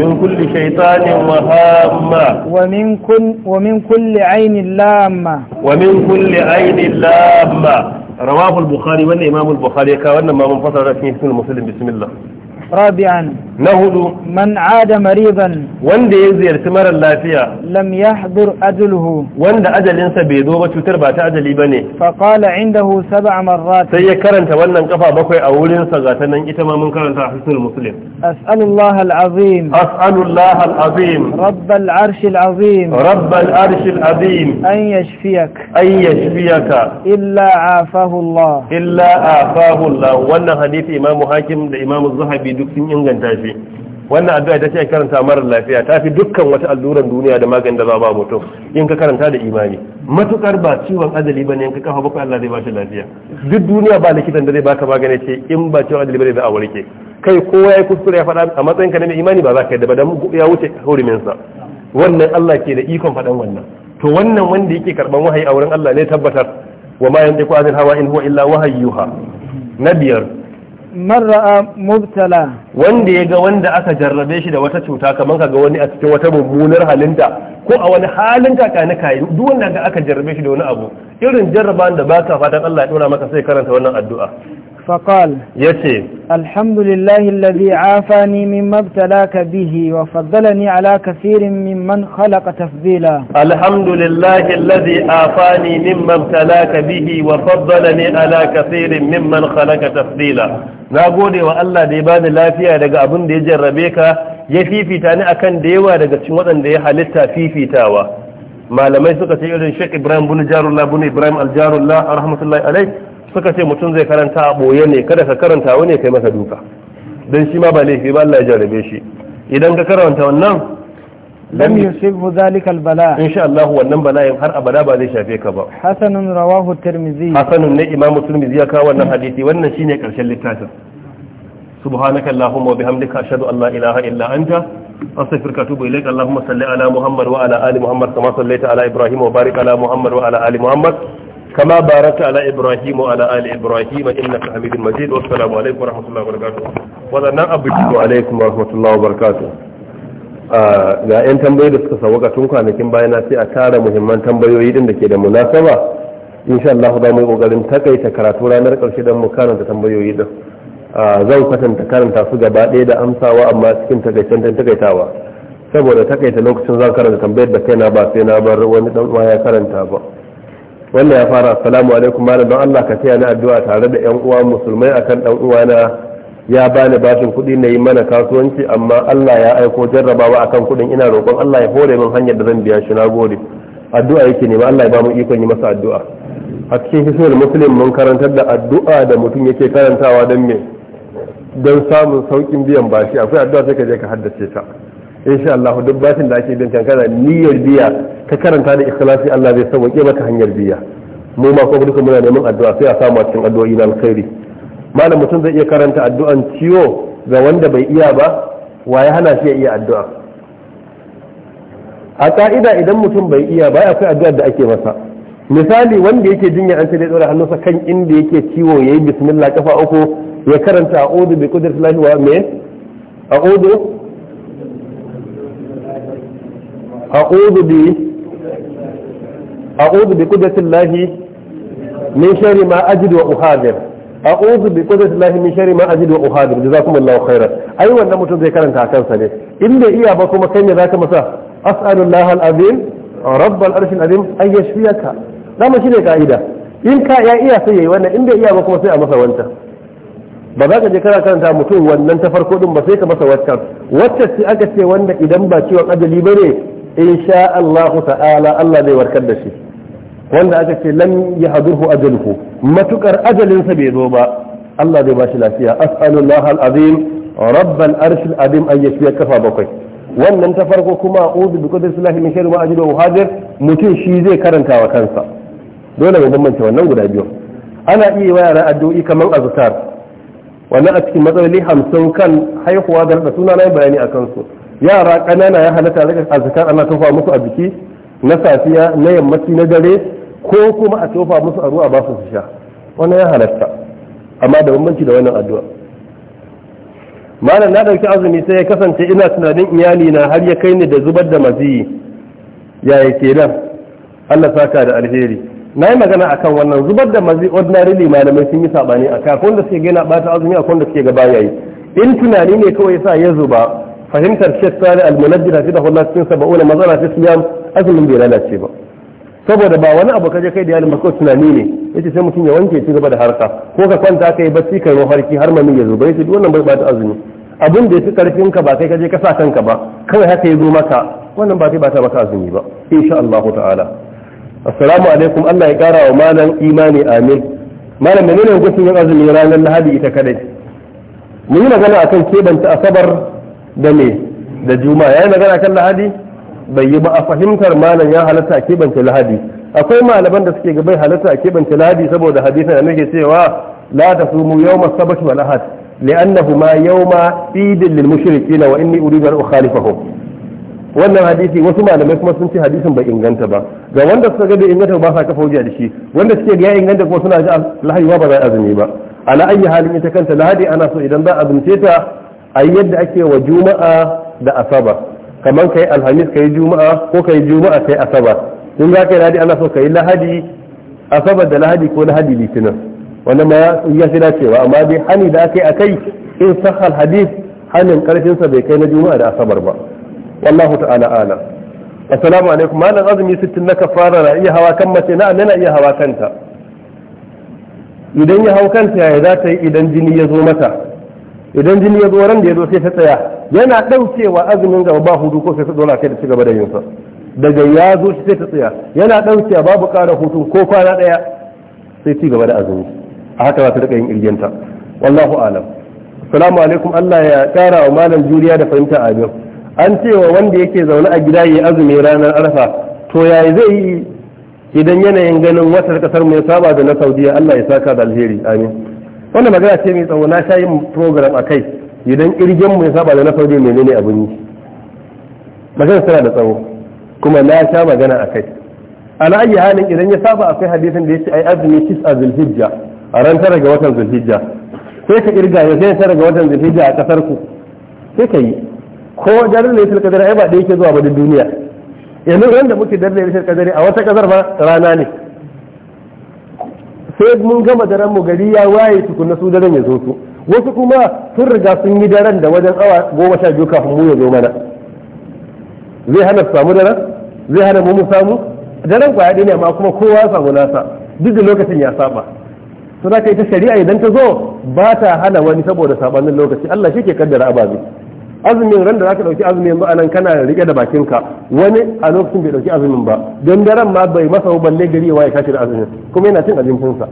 من كل شيطان وهامة ومن كل ومن كل عين لامة ومن كل عين لامة رواه البخاري والإمام البخاري كان ما منفصل في مسلم بسم الله رابعا na hudu man ada mariban. wanda ya ziyarci mara lafiya lam yahdur ajaluhu wanda ajalinsa bai zo ba cutar ba ta ajali bane fa qala indahu sab'a marrat sai ya karanta wannan kafa bakwai a wurin sa ga nan ita ma mun karanta a hisnul muslim as'alullaha al'azim as'alullaha al'azim rabbal arshil azim rabbal arshil azim an yashfiyak an yashfiyaka illa afahu Allah illa afahu Allah wannan hadisi imamu hakim da imamu zahabi duk sun inganta shi gobe wannan addu'a ta ce karanta mara lafiya ta fi dukkan wata alluran duniya da maganin da za ba mutum in ka karanta da imani matukar ba ciwon azali bane in ka kafa bakwai Allah zai ba shi lafiya duk duniya ba likitan da zai baka magani ce in ba ciwon azali bane za a warke kai ko yayi kuskure ya faɗa a matsayin ka na imani ba za ka yadda ba dan ya wuce hurumin sa wannan Allah ke da ikon faɗan wannan to wannan wanda yake karban wahayi a wurin Allah ne tabbatar wa ma ko azin hawa in huwa illa wahayyuha na biyar mar'a mubtala wanda ya ga wanda aka jarrabe shi da wata cuta kamar ka ga wani a cikin wata mummunar halinta ko a wani halin kakani kayi duk wanda aka jarrabe shi da wani abu irin jarraban da ba baka fatan Allah ya dora maka sai karanta wannan addu'a فقال يتي الحمد لله الذي عافاني مما ابتلاك به وفضلني على كثير ممن خلق تفضيلا الحمد لله الذي عافاني مما ابتلاك به وفضلني على كثير ممن خلق تفضيلا نقول والله ديبان لا فيها لقى أبن دي جربيك يفيفيتاني أكن ديوا لقى شموطن دي حالتا فيفيتاوا malamai suka ce irin Sheikh Ibrahim bin Jarullah bin Ibrahim Al-Jarullah rahmatullahi alai suka ce mutum zai karanta a ɓoye ne kada ka karanta wani kai masa duka don shi ma ba laifi ba Allah ya jarabe shi idan ka karanta wannan lam yusibu zalika albala insha Allah wannan bala'in har abada ba zai shafe ka ba hasanun rawahu tirmidhi hasanun ne imamu tirmidhi ya kawo wannan hadisi wannan shine karshen littafin subhanaka allahumma wa bihamdika ashhadu an la ilaha illa anta astaghfiruka wa atubu ilaik allahumma salli ala muhammad wa ala ali muhammad kama sallaita ala ibrahim wa barik ala muhammad wa ala ali muhammad كما باركت على ابراهيم وعلى ال ابراهيم انك حميد مجيد والسلام عليكم ورحمه الله وبركاته وذنا أبجد عليكم ورحمه الله وبركاته ga 'yan tambayoyi da suka sauka tun kwanakin na sai a tara muhimman tambayoyi din da ke da munasaba insha Allah za mu yi kokarin takaita karatu ranar karshe don mu karanta tambayoyi din ah, zan kwatanta karanta su gaba ɗaya da amsawa amma cikin dan takaitawa saboda takaita lokacin zan karanta tambayar da kaina ba sai na bar wani dan ya karanta ba wanda ya fara assalamu alaikum malam don Allah ka taya ni addu'a tare da yan uwa musulmai akan dan na ya bani bashin kuɗi na yi mana kasuwanci amma Allah ya aiko jarrabawa akan kuɗin ina roƙon Allah ya hore min hanyar da zan biya shi na gode addu'a yake ne ma Allah ya ba mu ikon yi masa addu'a a cikin hisnul muslim mun karantar da addu'a da mutum yake karantawa don me don samun saukin biyan bashi akwai addu'a sai ka je ka haddace ta insha Allah duk bashin da ake bin kankana niyyar biya ta karanta da ikhlasi Allah zai sauke maka hanyar biya mu ma ko duka muna neman addu'a sai a samu cikin addu'o'i na alkhairi malam mutum zai iya karanta addu'an ciwo ga wanda bai iya ba waye hana shi ya iya addu'a a ka'ida idan mutum bai iya ba akwai addu'ar da ake masa misali wanda yake jinya an sai dai dora hannunsa kan inda yake ciwo yayi bismillah kafa uku ya karanta a'udhu bi qudratillahi wa me a'udhu a'udhu bi a'udhu bi qudratillahi min sharri ma ajidu wa uhadir a'udhu bi qudratillahi min sharri ma ajidu wa uhadir jazakumullahu khairan ai wannan mutum zai karanta kansa ne in bai iya ba kuma kai ne zaka masa as'alullahi al-azim rabbal arshil azim ay in ka ya iya sai yayi wannan in bai iya ba kuma sai a masa wancan ba za ka je kana karanta mutum wannan ta farko din ba sai ka masa aka ce idan ba ciwon ajali bane sha Allah ta'ala Allah zai warkar da shi wanda aka ce lam yahdurhu ajalhu matukar ajalinsa bai zo ba Allah zai bashi lafiya as'alullah al rabban rabbal arshil azim an yashfiya kafa bakwai wannan ta farko kuma a'udhu bi qudratillahi min sharri ma ajidu wa hadir mutum shi zai karanta wa kansa dole mu bambance wannan guda biyu ana iya wa yara addu'i kamar azkar wannan a cikin matsaloli hamsin kan haihuwa da suna na bayani akan su yara ƙanana ya halatta rika azkar ana tofa musu a biki na safiya na yammaci na dare ko kuma a tofa musu a ruwa ba su sha wannan ya halatta amma da bambanci da wannan addu'a malam na dauki azumi sai ya kasance ina tunanin iyali na har ya kai ni da zubar da maziyi yaya kenan Allah saka da alheri na yi magana akan wannan zubar da mazi ordinarily malamai sun yi sabani a kafin da suke gina bata azumi a da suke gaba yayi in tunani ne kawai sa ya zuba fahimtar shek sani almunajjid hafizahu Allah cikin saba'una mazara ta siyam azumin bai lalace ba saboda ba wani abu kaje kai da yalin ko tunani ne yace sai mutum ya wanke ci gaba da harka ko ka kwanta kai bacci kai mafarki har mami ya bai yace wannan bai bata azumi abin da yafi karfin ka ba kai kaje ka sa kanka ba kawai haka ya zo maka wannan ba sai bata maka azumi ba insha Allah ta'ala assalamu alaikum Allah ya kara wa malam imani amin malam menene hukuncin yin azumi ranar lahadi ita kadai mun yi magana akan kebanta asabar da me da juma yayi magana kan lahadi bai yi ba a fahimtar malam ya halatta a keɓance lahadi akwai malaman da suke gabai halatta a keɓance lahadi saboda hadisin da nake cewa la tasumu yawma sabat wal ahad ma yawma idin lil mushrikin wa inni uridu an ukhalifahu wannan hadisi wasu malamai kuma sun ce hadisin bai inganta ba ga wanda suka ga bai inganta ba sa kafa hujja da shi wanda suke ga ya inganta kuma suna ji lahadi ba za a azumi ba ala ayyi halin ita kanta lahadi ana so idan za a azumce ta a yi yadda ake wa juma'a da asaba kamar kai alhamis kai juma'a ko kai juma'a kai asaba in za kai lahadi ana so ka yi lahadi asaba da lahadi ko lahadi litinin wannan ma ya fi dacewa amma dai hani da aka yi a kai in sahal hadis hanin karfinsa bai kai na juma'a da asabar ba wallahu ta'ala ala assalamu alaikum malam azumi sittin na kafara na iya hawa kan mace na'am yana iya hawa kanta idan ya hau kanta yaya za ta yi idan jini ya zo mata idan jini ya zo ran da ya zo sai ta tsaya yana daukewa azumin gaba ba hudu ko sai ta dora kai da cigaba da yin sa daga ya zo shi sai ta tsaya yana daukewa babu kara hutu ko kwana daya sai ci gaba da azumi a haka za ta rika yin irgenta wallahu alam assalamu alaikum Allah ya kara wa malam juriya da fahimta abin an cewa wanda yake zaune a gida yayi azumi ranar arfa to yayi zai yi idan yanayin ganin watar kasar ya saba da na saudiya Allah ya saka da alheri amin wannan magana ce mai tsawo na sha yin program a kai idan kirgin mu ya saba da na mai menene abun yi magana tana da tsawo kuma na sha magana a kai ala ayi halin idan ya saba akwai hadisin da yace ai azumi tis a zulhijja a ran tara ga watan zulhijja sai ka kirga ya sai tara ga watan zulhijja a kasar ku sai ka yi ko daren lailatul qadr ai ba da yake zuwa ba duniya yanzu ran da muke daren dare a wata kasar ba rana ne sai mun gama daren mu gari ya waye tukunna su daren ya zo su wasu kuma sun riga sun yi daren da wajen awa goma sha biyu kafin mu ya zo mana zai hana su samu daren zai hana mu samu daren kwaya ɗaya ne amma kuma kowa ya samu nasa duk da lokacin ya saba su ita shari'a idan ta zo ba ta hana wani saboda sabanin lokaci Allah shi ke kaddara ababe azumin ran da zaka dauki azumi yanzu anan kana rike da bakinka wani a lokacin bai dauki azumin ba don daren ma bai masa balle gari ya kashi da azumin kuma yana cin abincinsa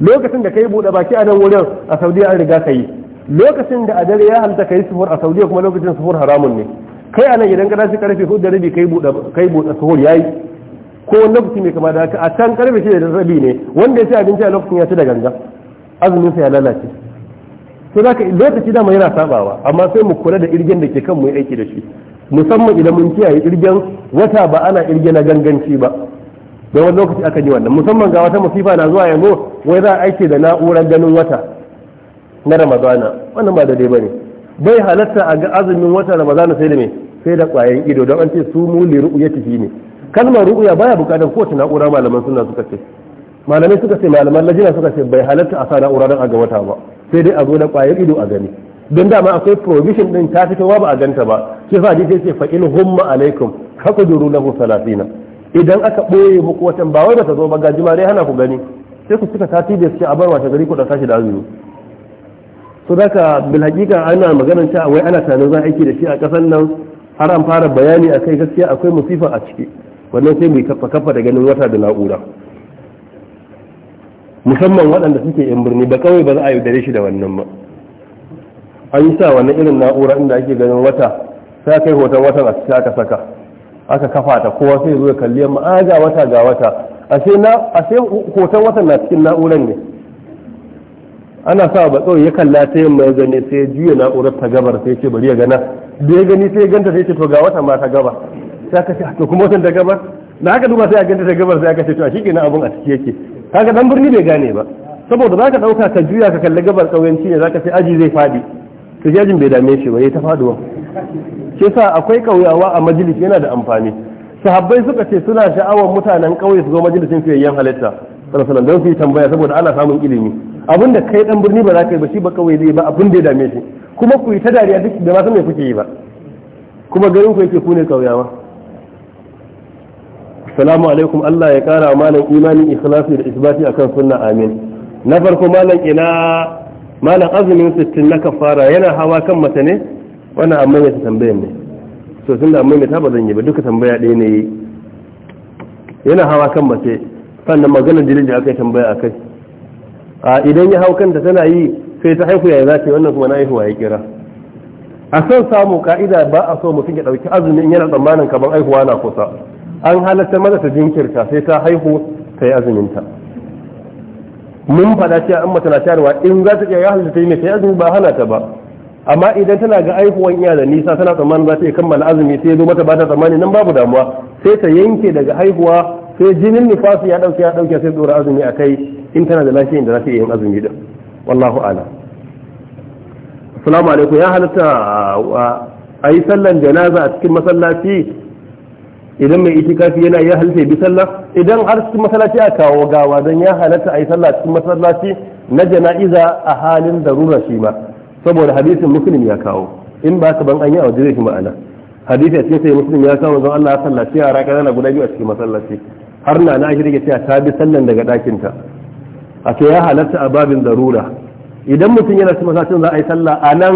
lokacin da kai bude baki a nan wurin a saudiya an riga kai lokacin da a dare ya halta kai sufur a saudiya kuma lokacin sufur haramun ne kai anan idan ka dace karfe hudu da rabi kai bude kai bude sufur yayi ko lokaci mai kama da haka a can karfe shida da rabi ne wanda ya ci abinci a lokacin ya ci da ganga azumin sa ya lalace to ka lokaci dama yana sabawa amma sai mu kula da irgen da ke kan mu aiki da shi musamman idan mun kiyaye irgen wata ba ana irge na ganganci ba da wani lokaci aka yi wannan musamman ga wata masifa na zuwa yanzu wai za a aiki da na'urar ganin wata na ramadana wannan ba da ba ne bai halatta a ga azumin wata ramadana sai da me sai da kwayan ido don an ce su mu li ru'ya tafi ne kalmar ru'ya baya bukatar kowace na'ura malaman suna suka ce malamai suka ce malaman lajina suka ce bai halatta a sa na'ura don a ga wata ba sai dai a zo da kwayar ido a gani don dama akwai provision din ta fito ba a ganta ba shi sa dai ce fa in humma alaikum faqduru lahu 30 idan aka boye muku watan ba wai da ta zo ba gajima dai hana ku gani sai ku cika sati da shi a bar wata gari ku da sashi da azumi to daga bil hakika ana magana ta wai ana tunanin zan aiki da shi a kasan nan har an fara bayani akai gaskiya akwai musifa a ciki wannan sai mu kafa kafa da ganin wata da na'ura musamman waɗanda suke yan birni ba kawai ba za a yi dare shi da wannan ba an yi sa wani irin na'ura inda ake ganin wata ta kai hoton watan a cikin aka saka aka kafa ta kowa sai zo ya kalli yamma a ah, ga wata ga wata ashe na ashe hoton watan na cikin na'uran ne ana sa ba kawai ya kalla ta yamma ya gani sai ya juya na'urar ta gabar sai ya ce bari ya gana da ya gani sai ya ganta sai ya ce to ga wata ma ta gaba sai aka ce to kuma watan ta gabar da haka duba sai ya ganta ta gabar sai aka ce to a shi kenan abun a ciki yake kaga dan birni bai gane ba saboda zaka dauka ka juya ka kalli gabar kauyanci ne zaka sai aji zai fadi to jajin bai dame shi ba yayi ta faduwa shi yasa akwai kauyawa a majalis yana da amfani sahabbai suka ce suna sha'awar mutanen kauye su zo majalisin fiyayyen halitta sallallahu don su tambaya saboda ana samun ilimi da kai dan birni ba za ka yi ba shi ba kauye zai ba abin da ya dame shi kuma ku yi ta dariya duk da ba san me kuke yi ba kuma garin ku yake ku ne kauyawa salamu alaikum Allah ya kara malam imanin ikhlasi da isbati akan sunna amin na farko malam ina malam azumin sittin na kafara yana hawa kan mata ne wannan amma ya tambayar ne so tunda amma mai taba zan yi ba duka tambaya ɗaya ne yana hawa kan mace sannan magana dalilin da aka yi tambaya akai a idan ya hau kanta tana yi sai ta haihu yayin zaki wannan kuma na haihuwa ya kira a son samu ka'ida ba a so mutum ya ɗauki azumin yana tsammanin kamar haihuwa na kusa an halatta mata ta jinkirta sai ta haihu ta yi azuminta mun faɗa cewa an mace na shayarwa in za ta iya ya halatta ta yi ne ta yi azumi ba hana ta ba amma idan tana ga aihuwan iya da nisa tana tsammanin za ta iya kammala azumi sai ya zo mata ba ta tsammani nan babu damuwa sai ta yanke daga haihuwa sai jinin nifasi ya ɗauke ya ɗauke sai tsoron azumi a kai in tana da lafiya da za ta iya yin azumi da wallahu ala assalamu alaikum ya halatta a yi sallan janaza a cikin masallaci idan mai itikafi yana iya halitta bi sallah idan har cikin masallaci a kawo gawa don ya halatta a yi sallah cikin masallaci na jana'iza a halin darura shi ma saboda hadisin muslim ya kawo in ba ka ban an yi a wajen shi ma'ana hadisi a cikin sai muslim ya kawo zan Allah ya sallaci yara kanana guda biyu a cikin masallaci har na na shirya cewa ta bi sallan daga ɗakin ta a ce ya halatta a babin darura idan mutum yana cikin masallacin za a yi sallah a nan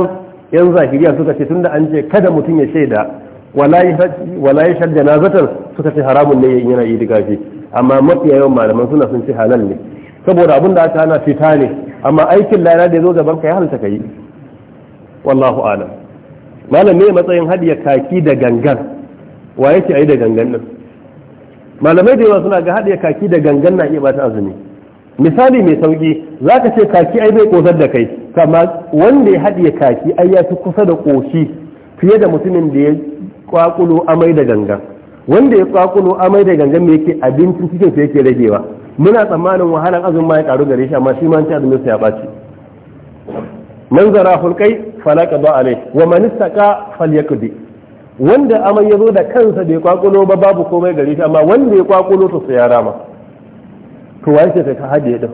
yan zahiriya suka ce tunda an ce kada mutum ya shaida wala yi shar janazatar suka ce haramun ne yana yi digafi amma mafi yawan malaman suna sun ce halal ne saboda abin da aka hana fita ne amma aikin lana da ya zo gaban kai ya ka yi wallahu alam malam ne matsayin hadiya kaki da gangan wa yake ayi da gangan nan malamai da yawa suna ga hadiya kaki da gangan na iya bata azumi misali mai sauki ka ce kaki ai bai kosar da kai kama wanda ya hadiya kaki ai ya fi kusa da koshi fiye da mutumin da ya kwakulo amai da gangan wanda ya kwakulo amai da gangan me yake abincin cikin sa yake ragewa muna tsammanin wahalan azumin ma ya karu gare shi amma shi ma an ci azumin sa ya baci man zara hulqai fala a alai wa man istaqa falyakdi wanda amai ya zo da kansa bai kwakulo ba babu komai gare shi amma wanda ya kwakulo to sai ya rama to wai sai ka ya ɗan.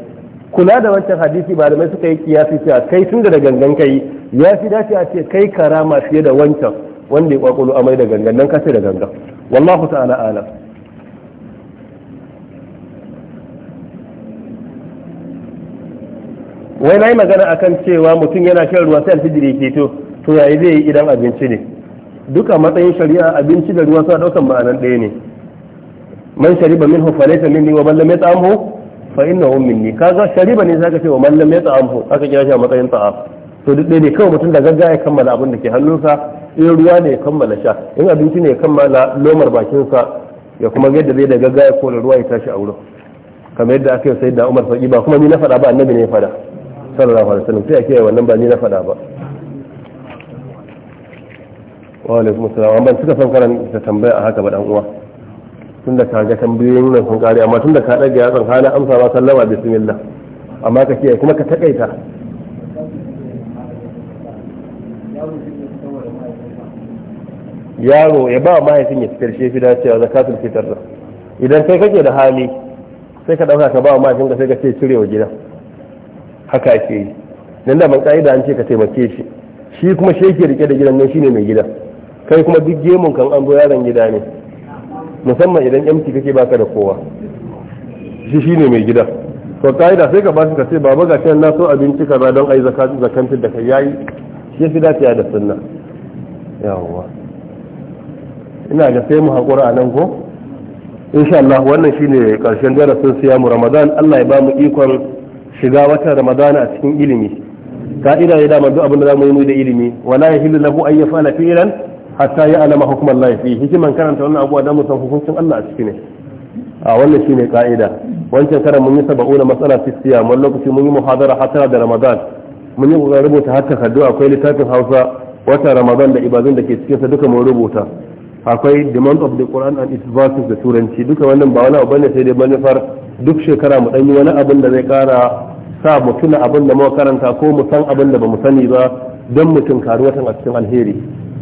kula da wancan hadisi ba da mai suka yi kiyasi cewa kai tun da gangan kai ya fi dace a ce kai karama fiye da wancan wanda ya kwakwalo amai da gangan nan kace da gangan wallahu ta'ala ala wai na yi magana akan cewa mutum yana shan ruwa sai alfijiri ke to to yayi zai yi idan abinci ne duka matsayin shari'a abinci da ruwa suna daukan ma'anan ɗaya ne man shariba minhu falaysa minni wa man lam yat'amhu fa innahu minni kaga shariba ne zaka ce wa man lam yat'amhu aka kira shi a matsayin ta'am to duk ɗaya ne kawai mutum da gaggawa ya kammala abin da ke hannunsa in ruwa ne ya kammala sha in abinci ne ya kammala lomar bakinsa ya kuma yadda zai da gaggaya ko da ruwa ya tashi a wurin kamar yadda aka yi sai da umar sauki ba kuma ni na faɗa ba annabi ne ya faɗa sallallahu alaihi wasallam sai a wannan ba ni na faɗa ba wa alaikum assalam ban san son ta tambaya a haka ba dan uwa tunda ka ga tambayoyin nan sun kare amma tunda ka dage yatsan hana amsa ba sallama bismillah amma ka kiyaye kuma ka takaita yaro ya ba mahaifin ya fitar shi fi dacewa zakatul fitar da idan kai kake da hali sai ka dauka ka ba mahaifin ka sai ka ce cire wa gida haka ake yi nan da ban ka'ida an ce ka taimake shi shi kuma shi yake rike da gidan nan shine mai gida kai kuma duk gemun kan an zo yaron gida ne musamman idan yamci kake baka da kowa shi shine mai gida to ka'ida sai ka ba shi ka ce baba ga na so abinci kaza don ai zakan zakantar da kai yayi shi fi dace da sunna yawwa ina ga sai mu haƙura a nan ko insha Allah wannan shine karshen darasin siyamu ramadan Allah ya ba mu ikon shiga watan ramadana a cikin ilimi ka'ida ya dama duk abin da zamu yi da ilimi wala yahillu lahu an yaf'ala fi'lan hatta ya'lama hukm Allah fi hikiman karanta wannan abuwa da mu san hukuncin Allah a ciki ne a wannan shine ka'ida wancan karan mun yi 70 matsala fi siyam wannan lokaci mun yi muhadara hatta da ramadan mun yi kokarin rubuta hatta kaddu akwai littafin Hausa wata ramadan da ibadun da ke cikin sa duka mun rubuta akwai the month of the Quran and its verses da turanci duka wannan ba wani abu ne sai dai manufar duk shekara mu danyi wani abin da zai kara sa mu tuna abin da mu karanta ko mu san abin da bamu sani ba don mu tunkari watan a cikin alheri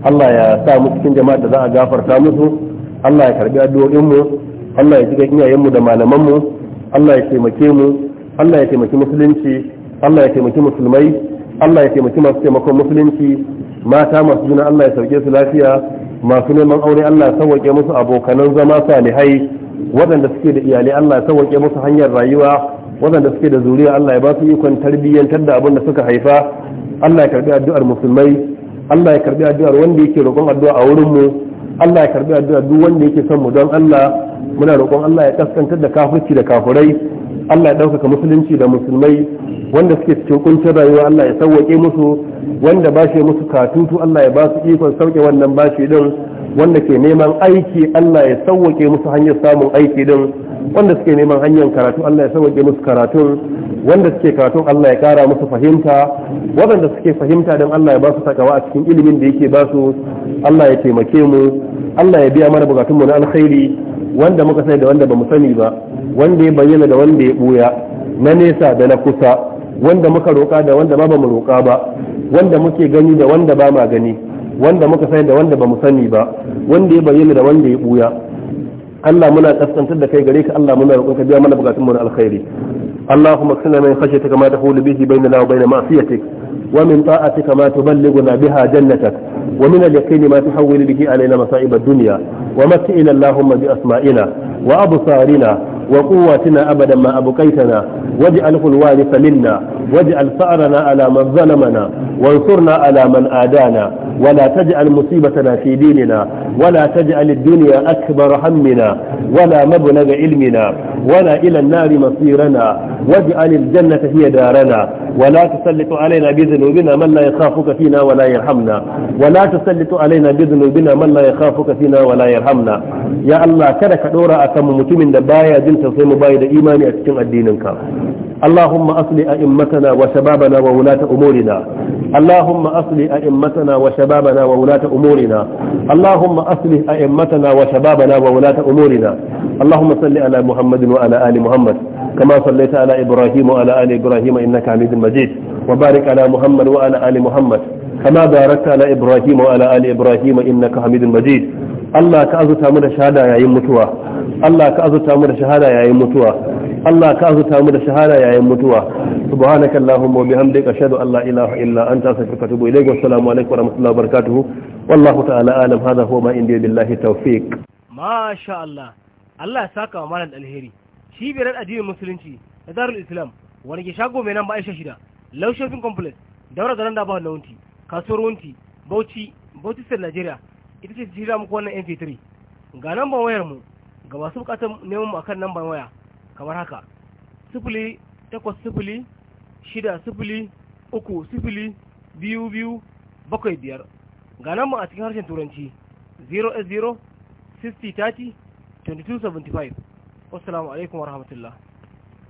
Allah ya sa mu cikin jama'a da za a gafarta musu Allah ya karbi addu'o'in mu Allah ya jiga iyayen mu da malaman mu Allah ya taimake mu Allah ya taimaki musulunci Allah ya taimaki musulmai Allah ya taimaki masu taimakon musulunci mata masu juna Allah ya sauke su lafiya masu neman aure Allah ya sauwake musu abokanan zama salihai waɗanda suke da iyalai Allah sauwake musu hanyar rayuwa waɗanda suke da zuriya Allah ya ba su ikon tarbiyyantar da abin da suka haifa Allah ya karbi addu'ar musulmai Allah ya karbi addu'ar wanda yake roƙon addu'a a wurin mu Allah ya karbi addu'ar duk wanda yake son mu don Allah muna roƙon Allah ya kaskantar da kafirci da kafurai Allah ya ɗaukaka musulunci da musulmai wanda suke cikin kuncin rayuwa Allah ya sauwaƙe musu wanda ba shi musu katutu Allah ya ba su ikon sauke wannan ba shi din wanda ke neman aiki Allah ya sauwaƙe musu hanyar samun aiki din wanda suke neman hanyar karatu Allah ya sauke musu karatun wanda suke karatun Allah ya kara musu fahimta waɗanda suke fahimta don Allah ya ba su takawa a cikin ilimin da yake ba su Allah ya taimake mu Allah ya biya mana bukatun mu na alkhairi wanda muka sani da wanda bamu sani ba wanda ya bayyana da wanda ya buya na nesa da na kusa wanda muka roka da wanda ba bamu roka ba wanda muke gani da wanda ba ma gani wanda muka sani da wanda bamu sani ba wanda ya bayyana da wanda ya buya Allah muna kaskantar da kai gare ka Allah muna roƙon ka biya mana bukatun mu na alkhairi Allahumma sanna min khashyatika ma tahulu bihi bainana wa bain ma'siyatik wa min ta'atika ma tuballighuna biha jannatak wa min al-yaqini ma tahawwilu bihi alayna masa'ib ad-dunya wa matti ila Allahumma bi asma'ina wa absarina wa quwwatina abadan ma abqaitana waj'al al-warisa minna waj'al al-fa'rana ala man zalamana وانصرنا على من آدانا ولا تجعل مصيبتنا في ديننا ولا تجعل الدنيا أكبر همنا ولا مبلغ علمنا ولا إلى النار مصيرنا واجعل الجنة هي دارنا ولا تسلط علينا بذنوبنا من لا يخافك فينا ولا يرحمنا ولا تسلط علينا بذنوبنا من لا يخافك فينا ولا يرحمنا يا الله kada ka dora akan mutumin da baya jin tausayi mu bai da imani a cikin addininka اللهم أصل أئمتنا وشبابنا وولاة أمورنا اللهم أصلح أئمتنا وشبابنا وولاة أمورنا اللهم أصلح أئمتنا وشبابنا وولاة أمورنا اللهم صل على محمد وعلى آل محمد كما صليت على إبراهيم وعلى آل إبراهيم إنك حميد مجيد وبارك على محمد وعلى آل محمد كما باركت على إبراهيم وعلى آل إبراهيم إنك حميد مجيد Allah ka azuta mu da shahada yayin mutuwa Allah ka azurta mu da shahada yayin mutuwa Allah ka azurta mu da shahada yayin mutuwa subhanaka allahumma wa bihamdika ashhadu an la ilaha illa anta astaghfiruka wa atubu ilayk wa assalamu alaykum wa rahmatullahi wa barakatuh wallahu ta'ala alam hadha huwa ma indiya billahi tawfiq ma sha Allah Allah ya saka wa malam alheri cibiyar addinin musulunci da darul islam wani ke shago mai nan ba aisha shida law shopping complex daura garan da ba launti kasuwar wunti bauchi bauchi sai nigeria ita ce jira muku wannan mp3 ga ba wayar mu ga masu bukatar neman mu akan namba waya kamar haka sifili takwas sifili shida sifili uku sifili biyu biyu bakwai biyar ga nan mu a cikin harshen turanci 0 0 60 30 22 75 wasu alaikum wa rahmatullah